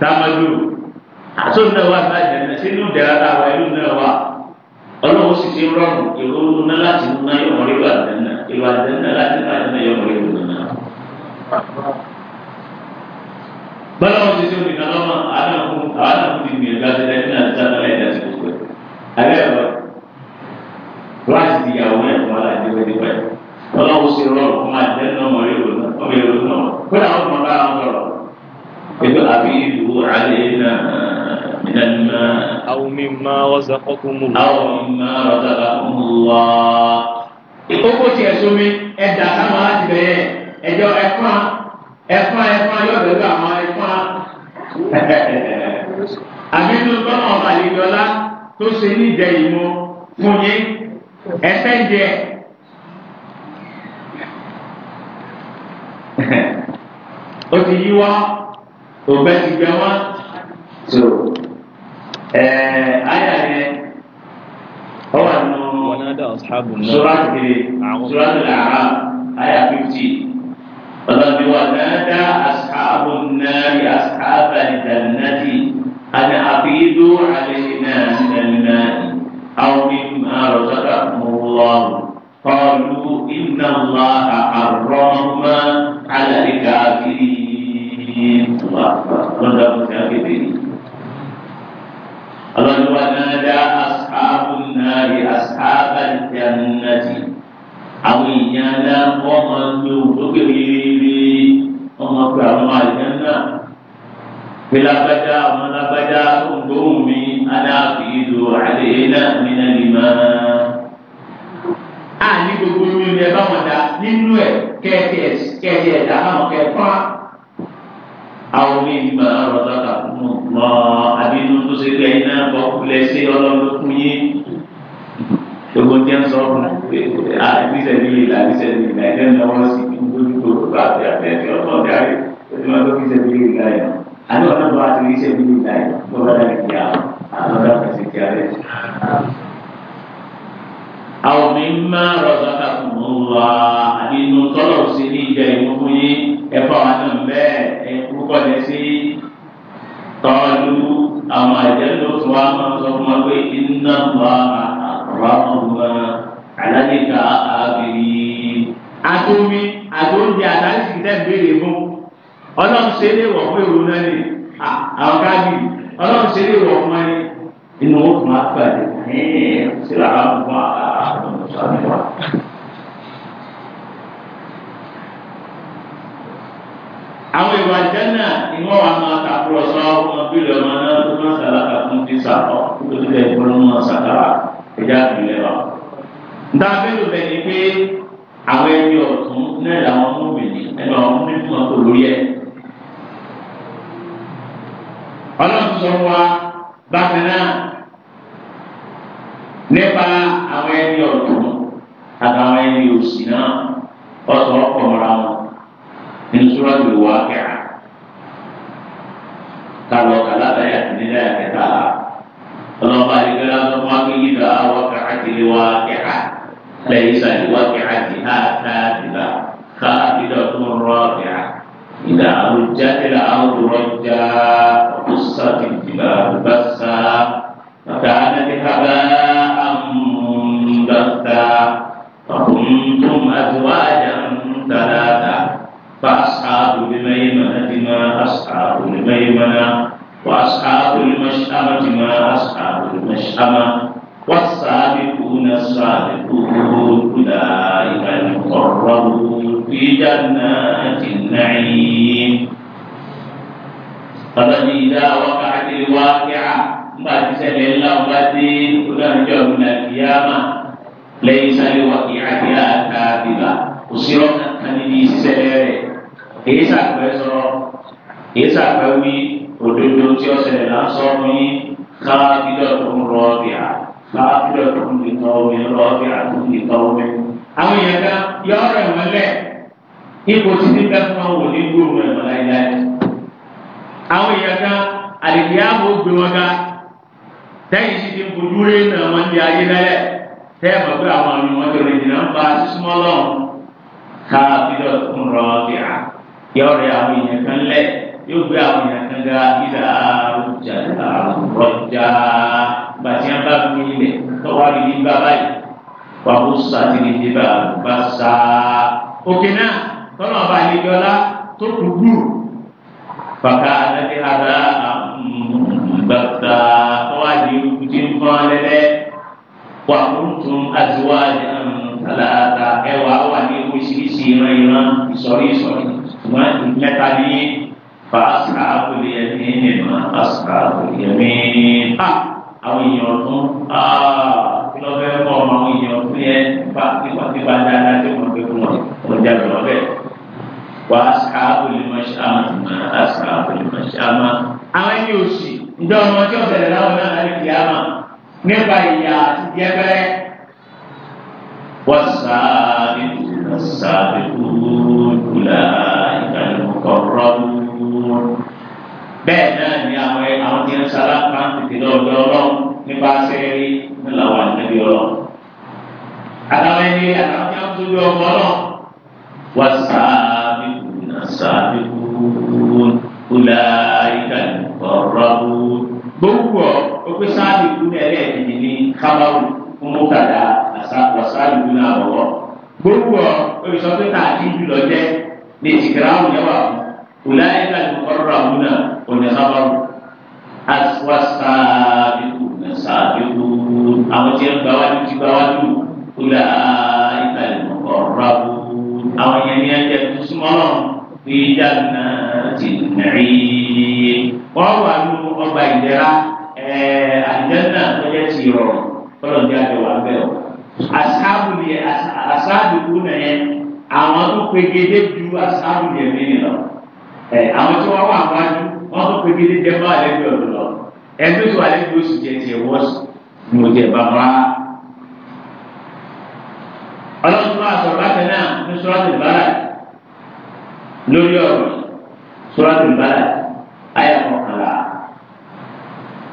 tamadu àtúntò wà ní àdéhùn sí inú dẹ̀rẹ̀ ta wà inú náà wà ọlọ́wọ́ sì ti rọrùn èrò náà láti mú náà yọmọ rí wà dẹ́nà èrò àdéhùn láti mú àdéhùn yọmọ rí wà dẹ́nà. bọ́lá wọn ti ṣe òmìnira lọ́wọ́ àwọn àwọn àwọn ti gbìyànjú àti ẹ̀dínlá ti ẹlẹ́rọ kíláàsì ti yàwó náà fún wàhálà dípẹ́dípẹ́ ọlọ́run sì rọrùn fún máa jẹ́ nọ́mọ èrò náà ọmọ èrò náà kódà wọn fún ọlọ́run sọ̀rọ̀ ètò àbí ìlú alẹ́ náà mìnàmá. àwọn mímá ọ̀sà kọ́kùnmù. àwọn mímá ọ̀sà kọ́kùnmù wá. ìkókó tiẹ̀ sómi ẹ̀dá sáwọn láti bẹ̀yẹ ẹjọ́ ẹ̀fọn ẹ̀fọn ẹ̀fọn yóò bẹ̀rù àwọn ẹ̀fọn. àbí tó ṣe ní ìdẹ̀yìn mu fún yín ẹsẹ̀ ń jẹ. ó ti yí wá òbẹ ti gbẹ wá tó àyà yẹn ó wà nù sura kiri sura nìlára àyà fifty ọlọ́dún wa náà dá yà asáàbà ìdàlẹ́ أن أفيدوا علينا من الماء أو مما رزقكم الله قالوا إن الله حرمهما على الكافرين صدق الكافرين قال ونادى أصحاب النار أصحاب الجنة أو إن ينام ومن يوفق به ومن يوفق pelagbada ọmọ lagbada ọgbọ́n mi aláàbí ìlú àlèyéná nínú ìmọ̀. a ní gbogbo mi ní ẹ bá wọn da nínú ẹ kẹ́ẹ̀kẹ́ kẹ́ẹ̀kẹ́ ẹ̀dá báwọn kẹ́ẹ̀kọ́ àwọn mi ní ma rọ̀dọ̀ kà fún mọ́ àbínú tó ṣe pé iná bọ́ kulẹ̀ sí ọlọ́run fún yín gbogbo jẹ́ ń sọ fún mi àbísẹ̀ ní ìlà àbísẹ̀ ní ìlà ẹ̀jẹ̀ ń lọ́wọ́ sí i ní gbogbo àti àbẹ̀ẹ̀fẹ̀ ọ̀tọ̀ ọ̀dà rẹ̀ ó ti máa tó fi ṣe bí ìlà yẹn àní ọ̀nà bá ti rí iṣẹ́ nínú ìgbà yìí tó bá dá ìgbà àwọn ọ̀dà kan sì ti alẹ́. àwọn mi máa rọ̀gbà kàkùn ń wá àdínú tọ́lọ̀ sí ní ìjà ìmú fún yín ẹ̀fọ́ àwọn náà bẹ́ẹ̀ ẹ̀kú kọ́lẹ̀ sí tọ́lú àwọn àjẹ́lú tó wá máa sọ fún wa pé iná wà àkọ́rọ́ àwọn ọmọ alálẹ́ka àbẹ̀rẹ̀ àtúnmí àtúnjẹ àtàkì tẹ̀ ń béèrè fún ọlọ́run ṣe lè wọ̀ fún èrò náà ni àwọn káàdì ọlọ́run ṣe lè wọ̀ fún ẹni inú wọn kò máa pàdé sí làwọn àwọn àwọn ọ̀sán wa. àwọn ìwà jẹ́nà ìwọ́n wa máa tàkùrọ̀ sọ ọmọ bílẹ̀ ọmọ náà tó máa sàlákà fún bísà ọ̀ tó ti bẹ̀rẹ̀ fún ọmọ sàkàrà ìjà ìpìlẹ̀ wa. nta bẹ́ẹ̀ ni pé àwọn ẹni ọ̀tún náà làwọn ọmọ mi ní ẹni ọ̀tún nínú ọkọ̀ lórí ẹ̀ ọlọ́run sọ wa bákan náà nípa àwọn ẹni ọ̀tún àtàwọn ẹni òsì náà ọ̀sọ̀ ọ̀pọ̀ mọ́ra wọn nínú sọ́ọ́dù ìwà kẹ́ra kálọ̀ kàlábàáyà nílẹ̀ àkẹta ọlọ́ba ìgbéra tó wá kéyìí lọ àwọn kàkàkiri wá kẹ́ra lẹ́yìn sàdíwá kẹ́ra ti há káàdìlà káàdìlà rọ̀ kẹ́ra. إذا رجت الأرض رجا وقصت الجبال بسا فكانت هباء منبثا فكنتم أزواجا ثلاثة فأصحاب الميمنة ما أصحاب الميمنة وأصحاب المشأمة ما أصحاب المشأمة والسابقون السابقون أولئك المقربون في جنات النعيم فبدي إذا وقعت الواقعة بعد سبيل الله بدي كنا يوم القيامة ليس لوقعتها كاذبة وسيرون كنيدي سيري إيه سأقول إيه سأقول òdodo tí ó ṣẹlẹ̀ lásán fún yín káàbílẹ̀ ọ̀tún rọ́ọ̀bìà káàbílẹ̀ ọ̀tún nìkan omi rọ́ọ̀bìà tó ipò tí ní bẹ́ẹ̀ fún àwọn òní gbòòrò ẹ̀ mọ́ láíláí. àwọn èèyàn kan àlèkè ààbò gbé wọn ká tẹ́yìn sì ti ń fojú ré náà wọ́n di ayé lẹ́lẹ̀ tẹ́yìn mọ̀ pé àwọn àmì wọn tẹ̀lé ìdìnnà ń ba sísúmọ́ lọ́hùn ká bídọ̀ ń rọ bíà yọ rẹ àwọn èèyàn kan lẹ̀ yóò gbé àwọn èèyàn kan ga ìdá àrùjà àrùjà bàtí wọn bá fi ilẹ̀ tọ́wọ́ àbí ní bàbá yìí wàhùn sàtìrì ìdìbà bá sa òkè náà tọ́nà ọba àlejòọlá tó kù gbù bàkà àdájẹ́ àdá gbàgbà ọwádìí kùtì ń fọ́n lẹ́lẹ́ wà kúntùn àtiwájú àlàáta ẹwà wà ní oríṣiríṣi ìran ìran ìsọ̀rí ìsọ̀rí ṣùgbọ́n mẹ́ta ní fàásà àbòlé ẹ̀mí nìmọ̀ fàásà àbòlé ẹ̀mí àwọn èèyàn tún kí ló fẹ́ kọ́ ọmọ àwọn èèyàn tún yẹ nípa nípa dáadáa tí wọ́n gbé fún wọn ọjà lọ́wọ́ bẹ́ẹ̀ wà aṣááfù lè mọ ṣáàmà mà aṣááfù lè mọ ṣáàmà. àwọn ẹni òsì ǹjọ́ ọmọ tí ó bẹ̀rẹ̀ láwọn náà láti kì í àmà nípa ìyá àti gẹ́gẹ́rẹ́. wọ́n sáábì kúrò sáábì kúrò kúlà bẹ́ẹ̀ náà ni àwọn àwọn tí ń sara máa tètè lọ́dọ̀ nípa sẹ́ẹ̀rí ńlá wà níbi ọlọ́run. àtàwọn ẹni àtàwọn tí wọ́n tó náà wọ́n sàbíkún kúlà ìkàlùkọ̀rọ̀bù. gbogbo ọ ó pé sàbíkún ẹlẹ́ẹ̀kejì ní kábàrù fún mọ́kàdá àsàbíkún náà lọ́wọ́. gbogbo ọ ó fi sọ pé tá a ti jùlọ jẹ ní ìtìkìráwù yẹn wà fún kúlà ìkàlùkọ̀rọ̀bù náà ò ní kábàrù. asàbíkún sàbíkún àwọn tí ń gbáwájú ti gbáwájú kúlà ìkàlùkọ̀rọ̀bù àwọn yẹn ní ẹ̀jẹ̀ tó súnmọ́ náà fi dáná ti nàrí. wọ́n wà ló ọgbà ìdẹ́ra eh, àdìdẹ́nà tọ́jà ti rọrùn tọ́lọ̀ ní àjọ wà bẹ́ẹ̀ o. asáàbù yẹ asáàbù kú nà yẹ àwọn tó pegedé ju asáàbù yẹ mí lọ. Eh, àwọn tí wọ́n wà wájú wọ́n tó pegedé jẹ́ bá àlejò ọ̀dọ̀ lọ. ẹgbẹ́ tó àlejò sì jẹ́ tiẹ̀ wọ́ọ̀sì ni mo jẹ bàbá. ọlọ́run tó àtọ̀ bákan náà ní sọ́ọ́tì bára. lórí ọ̀rọ̀ sọ́láṣí ìbára ayé kọkànlá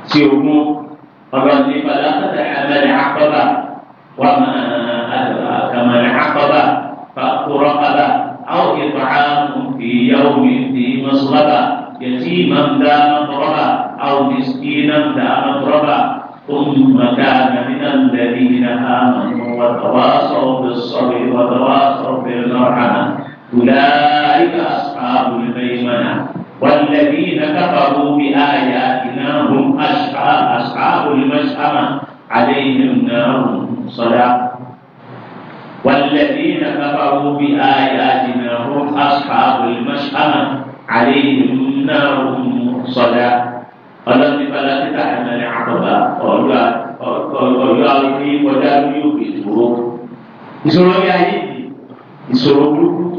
tí ogun ọlọ́ọ̀ni padà sọ́dọ̀ àmàlẹ̀ àkọ́bà wà máa àmàlẹ̀ àkọ́bà fàkúrọ̀ padà àwọn kẹfà ààrùn ìyàwó mi ti mọ́sọ́lábà yẹtí máa ń dá mọ́tọ́rọ́bà àwọn mẹ́sìkì náà ń dá mọ́tọ́rọ́bà ثم كان من الذين آمنوا وتواصوا بالصبر وتواصوا بالرحمة أولئك أصحاب الميمنة والذين كفروا بآياتنا هم أصحاب أصحاب المشأمة عليهم نار صلاة والذين كفروا بآياتنا هم أصحاب المشأمة عليهم نار صلاة ọlọ́ni bala títà ẹ̀mẹ́rin àkọ́bá ọ̀yọ́ àwọn ìwé kọjá lórí òkè ìṣòro ìṣòro yá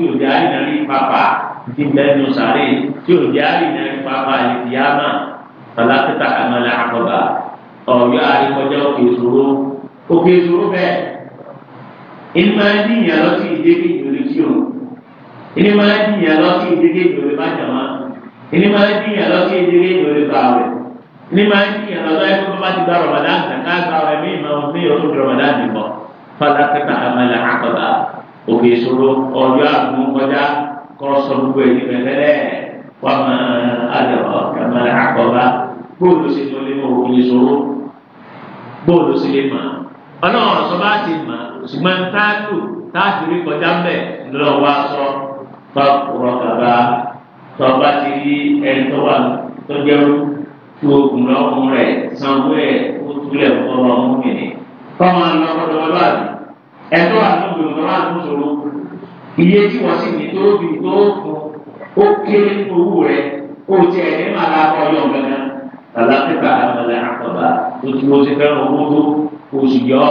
tí òjì àrìnàrí pápá ti bẹnu sàárè tí òjì àrìnàrí pápá lè fi àmà tàlákìtà àmàlà àkọ́bà ọ̀yọ́ àríkọjá òkè ìṣòro òkè ìṣòro bẹ́ẹ̀ inú máa ń dìyàn lọ sí ìdíkì ìdòrè tí o inú máa ń dìyàn lọ sí ìdíkì ìdòrè bá jàmá inú máa ń dìyàn lọ sí ìdíkì ìdòrè bá rẹ̀ inú máa ń dìyàn lọ sọ ẹgbẹ́ bá ti gba rọ̀mọ̀dá nǹkan ká gba ọ̀rẹ́ mi ìmọ̀ ọ̀hún mi ò tó rọ̀mọ̀dá nìkan fọlá kẹta àmàlà àkọ́bà òkè ìṣòro ọjọ́ àgùn kọjá kọ́ sọ gbogbo èyí mẹ́tẹ́lẹ́ wà má àdàbọ̀ kàmá àkọ́bá bóòlù sí ni ó lé mọ òkè ìṣòro bóòlù sí lè mọ̀ ọlọ́run ọ̀sọ́ bá ti mọ̀ ṣùgbọ́n táàtù táàtù rí kọjá mbẹ̀ lọ́wọ́ wa sọ tọ́kùrọ̀ kàbá tọ́ba ti rí ẹni tó wà tó jẹ́rú tó oògùn lọ́kùn rẹ̀ sanwó ẹ̀ ó túlẹ̀ fọlọ́ ọmọ mi ẹ̀tọ́ àtúntò tó máa tún sọ̀rọ̀ iye tí wọ́n sì ní tó bí tó fún ó kéré owó rẹ̀ ó ti ẹ̀mí máa la kọ́ ọyọ́ gangan tàbí pípa àmàlà àkọ́bà tó ti mo ti fẹ́ràn owó tó oṣù yọ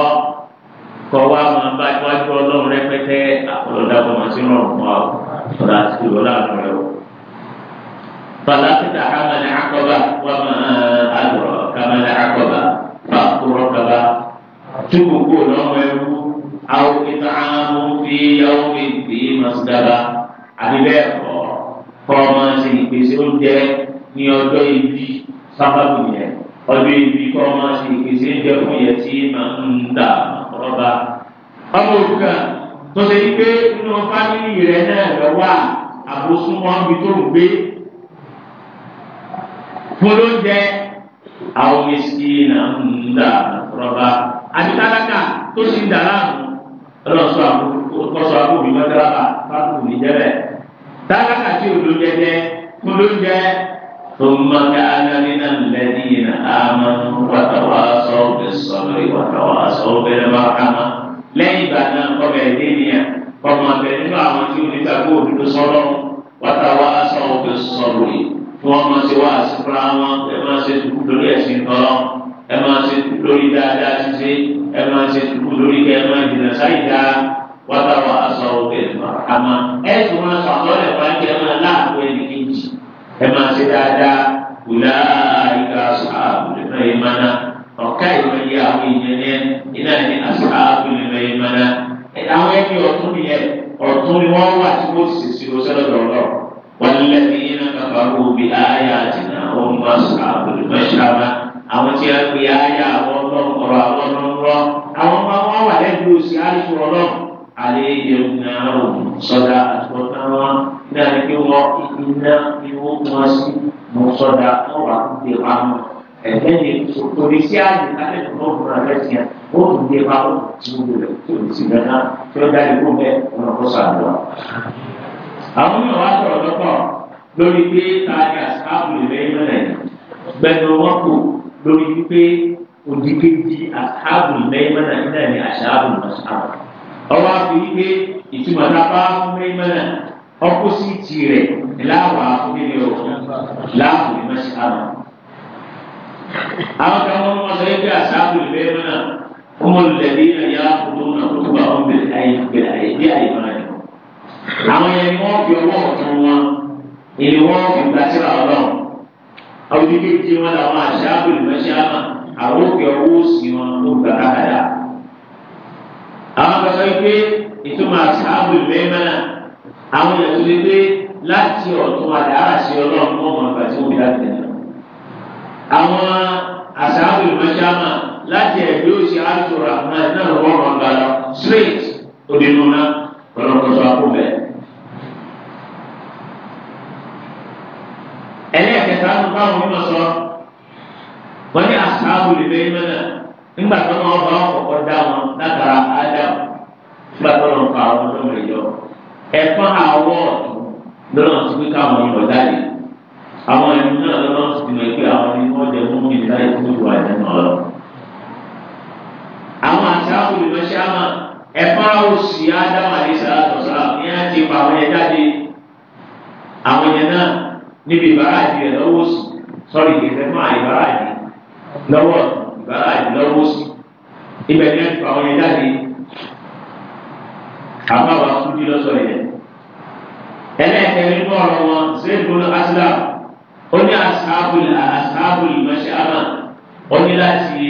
kọ́ wa máa bá iwájú ọlọ́run rẹpẹtẹ àkọlọ́dàbọ̀ máa ti rọrùn fún wa ọ̀dà àti ìrọ̀lá àná rẹ o. فلقد حمل عقبة وما أدرك ما العقبة فأقرب تبقوا لهم àwọn ìtààmú fi yàwó mi fi màsídàbà àbíbẹ́ ẹ̀kọ́ kọ́ọ̀mọ́ ṣe ìpèsè oúnjẹ ní ọjọ́ ibi sábàbù yẹn ọjọ́ ibi kọ́ọ̀mọ́ ṣe ìpèsè oúnjẹ fún yẹn tí màá ń dà rọ́bà. ọmọ òkúta tó ṣe pé nínú fámìlì rẹ náà lọ wà àbòsúnmọ́ ibi tó ń gbé fún lóúnjẹ àwọn mẹsìkì náà ń dà rọ́bà àbí tálákà tó ti ń ọlọ́sọ àkóso àkóbí mọ́tàlábà fákùn níjẹ́bẹ̀ tálákà tí odò jẹjẹ fún lóúnjẹ tó mọ́tà ánàmínà lẹ́dínà àmọ́nù wàtàwà sọ́ọ̀bẹ̀ sọ́ọ̀rì wàtàwà sọ́ọ̀bẹ̀ lọ́kàmá lẹ́yìn ìgbà náà kọ́bẹ̀ ẹ̀dẹ́nìyà kọ́mọ abẹ nínú àwọn tí onígbà kó òdodo sọ́lọ́ wàtàwà sọ́ọ̀bẹ̀ sọ́ọ̀rì fún ọmọ tí wàá sí fúnra wọn ẹ ẹ máa ṣe lórí dáadáa ṣíṣe ẹ máa ṣe tukù lórí kẹ ẹ máa jìnnà sáyidá wàtá wa aṣọ òkèlè àmà ẹ tún máa sọ àtọ́lẹ̀ fáńkì ẹ máa láàbù ẹnì kejì ẹ máa ṣe dáadáa kùlá àyíká aṣọ àbùlẹ̀ náà yé máa ná ọ̀ká ìwé yé àwọn èèyàn yẹn iná ní aṣọ àbùlẹ̀ náà yé máa ná àwọn ẹni ọ̀tún nìyẹn ọ̀tún ni wọ́n wà tí wọ́n sì sí lọ́sọ̀rọ̀ àwọn tí a pè áyà àwọn ọlọ́run ọ̀rọ̀ àwọn ọlọ́run rọ àwọn ọmọ wọn wà lẹ́gbẹ̀ẹ́ òsì àìsùn ọlọ́run alẹ́ ìdẹ̀rù náà ò sọ́dà àtúntà wọn náà ní kí wọ́n iná ni wọ́n mú wọn sí mú sọ́dà wọn wà wa mọ̀ ẹ̀fẹ́ ni torí sí àyè kálẹ̀ tó ń fura lẹ́sìn yẹn ó kúndé wa ó ti wúlò rẹ̀ tó lè ti dáná tí ó dá ikú bẹ́ẹ̀ wọn kó sàdúrà. àwọn yóò wá sọ̀rọ̀ lọ́pọ̀ lórí pé ta ni àsáàbù ìrẹ́yìn mẹ́rẹ̀ẹ́rin gbẹ̀dọ̀ wọ́n kù lórí wípé òdìkejì àṣàbù mẹ́mẹ́nà náà ní àṣàbù màṣàbù ọwọ́ àfi wípé ìtumọ̀ tábà mẹ́mẹ́nà ọ́pọ́sìtì rẹ̀ láwà fúnilẹ̀ ọ̀ láàbù màṣàbù. àwọn kan wọn wọn sọ wípé àṣàbù mẹ́mẹ́nà ọmọlùdẹ̀bí ẹ̀yà ọdún àkókò àwọn bẹ̀rẹ̀ ayé bẹ̀rẹ̀ ayé bí àyè máa ní. àwọn yẹn ni wọ́n fi ọwọ́ ọ̀tún wọn ìlú wọn fi gbàtíra àwọn ìdílé tí wọn làwọn àṣàbò ìmọ̀ṣáàmà àwọn òkè owó sí wọn ló gbà káàdà. àwọn kọ̀ọ̀kan gbé ìtumọ̀ àṣàbò ìmọ̀ẹ́mọ́nà àwọn èèyàn tó lè gbé láti ọ̀tún àdáhà sí ọlọ́run mọ́ ọmọ àgbà tí wọ́n fi láti tẹ̀lé. àwọn àṣàbò ìmọ̀ṣáàmà láti ẹ̀gbẹ́ òsì àtúrà náà lọ́wọ́ ọ̀gbà lọ straight òdìnnú náà lọ́lọ́kọ̀ọ́ táwọn onímọ̀ sọ wọ́n ní àṣàbù lè bẹ́ẹ̀ mẹ́lẹ̀ nígbà tó náà bá ọkọ̀ dá wọn látara ádámù nígbà tó náà fa àwọn ọmọ ìjọ ẹ̀fọn àwọ̀ lọ́nà tí pé káwọn onímọ̀ jáde àwọn ẹni náà lọ́nà tí pé pé àwọn onímọ̀ jẹ fún mi láì fún ìwà ìdẹ́nu ọ̀rọ̀ àwọn àṣàbù lè mẹ́ṣẹ́ àmà ẹ̀fọn àwòsì ádámù àdìsá àwọn yẹn náà níbi ìbára àti ẹ̀lọ́wọ́ sí sọ́ọ̀rì ìgbésẹ̀ fún àìbáraàjì lọ́wọ́ ìbáraàjì lọ́wọ́ sí ibẹ̀ ní ẹ̀fọ́ àwọn yẹn jáde àbá wa kú jí lọ́sọ̀ yẹn. ẹlẹ́ẹ̀kẹ́rin ní ọ̀rọ̀ wọn zébùn aslam ó ní asábùl asábùl mọ́ṣáàmà ó ní láti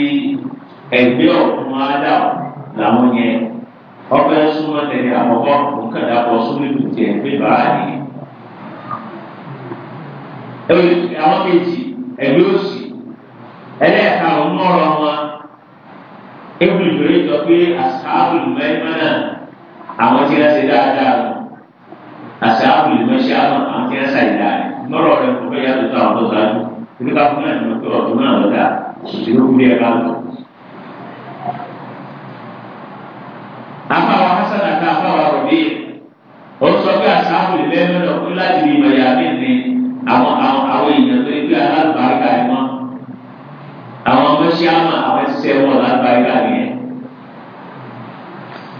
ẹgbẹ́ ọ̀tún adáwọ̀ làwọn yẹn ọbẹ̀ súnmọ́ tẹ̀lé àkọ́kọ́ nǹkan dàpọ̀ súnmọ́ ìlú tiẹ̀ gbé bàá àwọn kejì ẹ̀mí òsì ẹlẹ́ẹ̀ka ọ̀nọ́rọ̀ wọn ebùn ìbéèrè jọ pé àṣàbù ìmọ̀ẹ́mọ́nà àwọn tí wọ́n ṣe dáadáa lọ àṣàbù ìmọ̀ṣẹ́ àwọn àwọn tí wọ́n ṣe àìdáa lọ́rọ̀ rẹ̀ kò fẹ́ yàtọ̀ tó àwọn tó dájú ibi ká fún náà nínú pé ọ̀tún náà lọ́dà òṣèlú kúlẹ̀ ẹ̀ka lọ. afáwa hasan àti afáwa rọ̀bí ó sọ pé àṣàbù ìmọ̀ẹ́mọ́nà kú láti ní ìmọ̀ àwọn àwọn àwọn èèyàn tó gbé alábàárà ẹ̀ mọ́ àwọn ọmọ ṣé àmà àwọn ẹ̀ṣẹ̀ wọn alábàárà nìyẹn.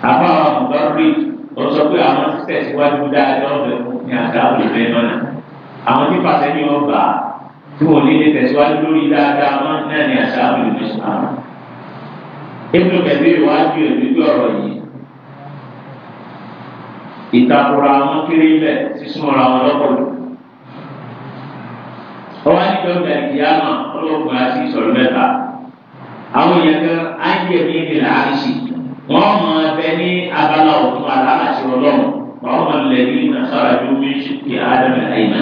àbá àwọn àbùkọ́ rí wọ́n sọ pé àwọn ṣiṣẹ́ síwájú dáadọ́ ọ̀bẹ ní àdáwò ìbẹ́ lọ́nà àwọn tí pàṣẹ ní ọgbà tí wọn lè tẹ̀síwájú lórí dáadáa wọn náà ní àṣàbò ìbẹ́ sọ̀rọ̀. ètò kẹ̀lé ìwájú ìlú ọ̀rọ̀ yìí ìtakùrọ̀ àwọn kéré bẹ́ẹ̀ sísúnra wọn lọ́pọ̀lọpọ̀ ọwọ́ àdìjọ́ gba ìyáàmà ọlọ́gbọ̀n àti ìsọ̀rọ̀ mẹ́ta àwọn èèyàn kan á ń yẹ ní ìlà àríṣì wọ́n mọ ẹbẹ ní abala ọ̀tún aláàṣẹ ọlọ́run wọ́n mọ lẹ́yìn ìnàṣọ́ra ju bí ṣùkì ádámù àyìnbá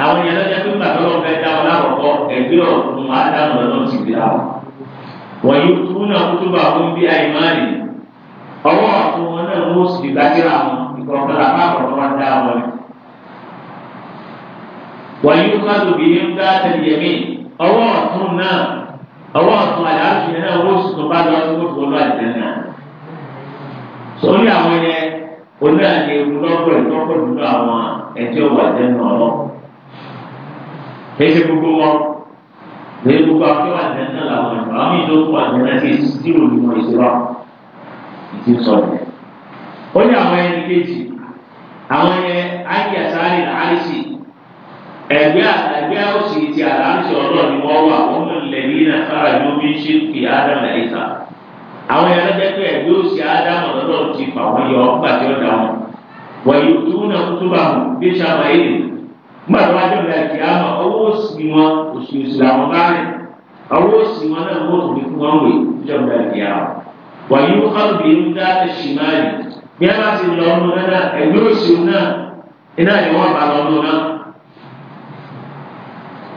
àwọn èèyàn lọ́jọ́ pé gbàtọ́lọ́ fẹ́ dá wọn lákọ̀ọ́kọ́ ẹgbẹ́ ọ̀tún ádámù ọlọ́run ti gbé àwọn. wọ́n yóò tún náà kó tó bá wọn bí àyìnbá rè ọwọ́ ọ̀tún náà wọ́n sì ويؤخذ بهم ذات اليمين ọwọ́ ọ̀tún náà ọwọ́ ọ̀tún àdáàbò yẹn náà owó sùn tó bá lọ sí gbogbo ọlọ́ àdìdẹ náà. sórí àwọn yẹn onídàájẹ ewu lọ́pọ̀ ìtọ́pọ̀ dúró àwọn ẹjẹ́ ọ̀wà àdìdẹ náà lọ. ẹsẹ̀ gbogbo wọn lè gbogbo akẹ́wà àdìdẹ náà làwọn ẹ̀fọ́ àwọn ìdókòwò àdìdẹ náà ti sí òdiwọ̀n ìṣúra ìtì sọ̀rọ̀. ó ní àwọn yẹn áyí ẹgbẹ́ àtàgbẹ́ òsì ti àlàáṣẹ ọ̀dọ́ ni wọ́n wà wọ́n mú ilẹ̀ ní nàfàrà ní omi ṣe pé ádámù ẹ̀ta àwọn yẹn lọ́jọ́ pé ẹgbẹ́ òsì ádámù ọ̀dọ́ ti fà wọ́n yọ ọgbà tí ó dà wọn wọ̀nyí òtún náà tó bá wọn bí sàmà yìí gbàdúrà wájú ọ̀dà ìkì àmọ́ ọwọ́ òsì wọn òsì òsì làwọn bá rìn ọwọ́ òsì wọn náà wọ́n òbí fún wọn wèé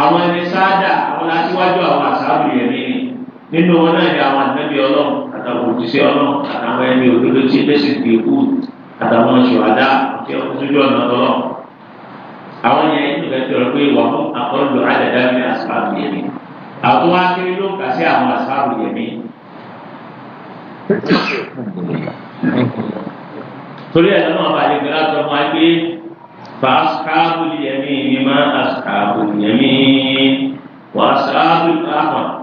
àwọn ẹni sáádà àwọn aṣíwájú àwọn àṣàbù yẹn ní nínú wọn náà ni àwọn àtẹ́bí ọlọ́run àtàwọn òjíṣẹ́ ọlọ́run àtàwọn ẹni òdodo tí ẹlẹ́sì fi kú àtàwọn ṣùwádà àti ọkùnrin ọ̀nà ọlọ́run àwọn yẹn inú bẹ́ẹ̀ tẹ̀rọ pé wà fún akọ́lù àdàdà ní àṣàbù yẹn ní àtúwọ́ akéré ló ń kà sí àwọn àṣàbù yẹn torí ẹ̀ lọ́nà فأصحاب اليمين ما أصحاب اليمين وأصحاب الآخر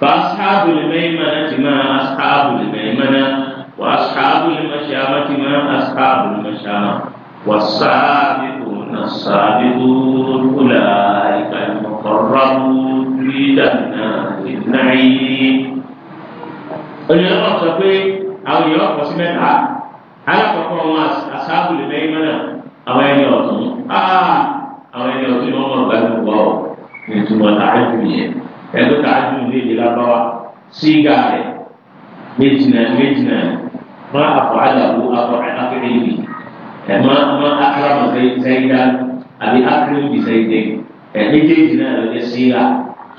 فأصحاب الميمنة ما أصحاب الميمنة وأصحاب المشامة ما أصحاب المشامة والسابقون السابقون أولئك المقربون في جنات النعيم اليوم سأقول أو يوم قسمتها على فقرة أصحاب الميمنة àwọn ẹni ọ̀tún àwọn ẹni ọ̀tún ni wọ́n mọ̀ gbádùn wọ́ ọ̀ ìtumọ̀ tààjú yẹn ẹgbẹ́ tààjú ilé ìdè lábáwá sígà rẹ̀ méjì náà méjì náà má àpò àdàbò àpò àkẹ́rẹ́ yìí ẹ̀ má má akérèmọ̀ sẹ́yìndà àbí akérèmọ̀ bì sẹ́yìndà ẹ̀ méjèèjì náà lọ́jọ́ sígà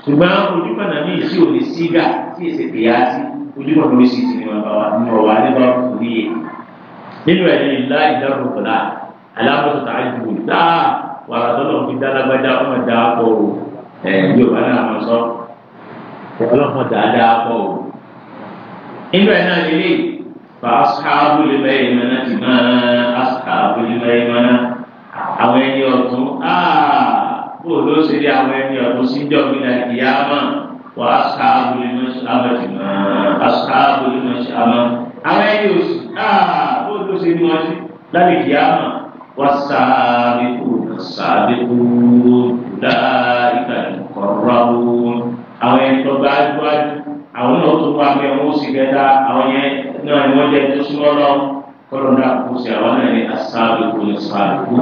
ṣùgbọ́n ojúmọ̀ náà míì sí òní sígà tí èsè pè á sí ojúmọ̀ lórí sí ti ní wọn bá nínú ọ̀wá nígbà òní yìí nínú ẹ̀ alákòóso tá a ju wò dáa wàrà tọ́lọ̀ fi dálágbájá ọmọ dáa pọ̀ o ẹ̀ yóò bá náà mọ̀ sọ ọlọ́mọ dáadáa pọ̀ o. inú ẹ̀ náà lélẹ̀ fa aṣáájú lè bá ẹ̀yìn mọ́ná ti máa aṣáájú lè bá ẹ̀yìn mọ́ná àwọn ẹni ọ̀tún ah, bó ló ṣe rí àwọn ẹni ọ̀tún síjọ́ mi náà kì í á mọ̀ wọ́n aṣáájú lè mọ̀ ṣáájú ti máa aṣáájú lè mọ̀ ṣáájú àwọn ẹni òsì ah, bó ló ṣe rí wọn sí lálẹ́ kì í á mọ̀. والسابقون السابقون أولئك المقربون àwọn ẹni tó gbájúgbájú àwọn náà tó pa pé wọn ó sì bẹta àwọn yẹn náà ni wọn jẹ tó súnmọ́ lọ kọlọ náà kó sí àwọn náà ní asáàlùkù ní asáàlùkù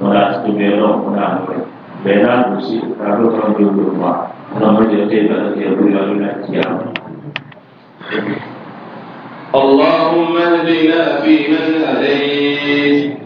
wọn láti tó bẹ lọ fún náà rẹ bẹ́ẹ̀ náà kò sí ìtàgé tó اللهم اهدنا فيمن هديت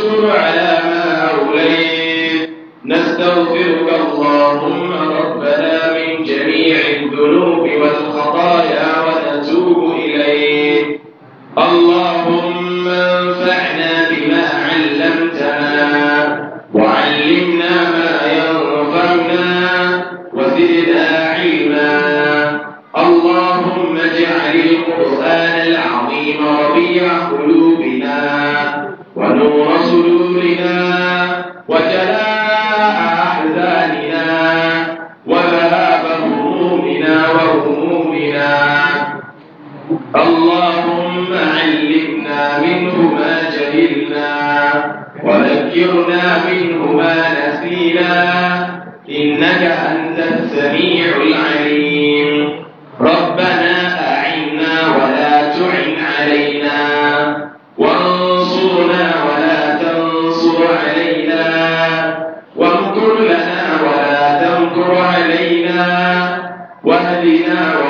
Gracias. اللهم علمنا منه ما جهلنا وذكرنا منه ما نسينا إنك أنت السميع العليم ربنا أعنا ولا تعن علينا وانصرنا ولا تنصر علينا وامكر لنا ولا تمكر علينا واهدنا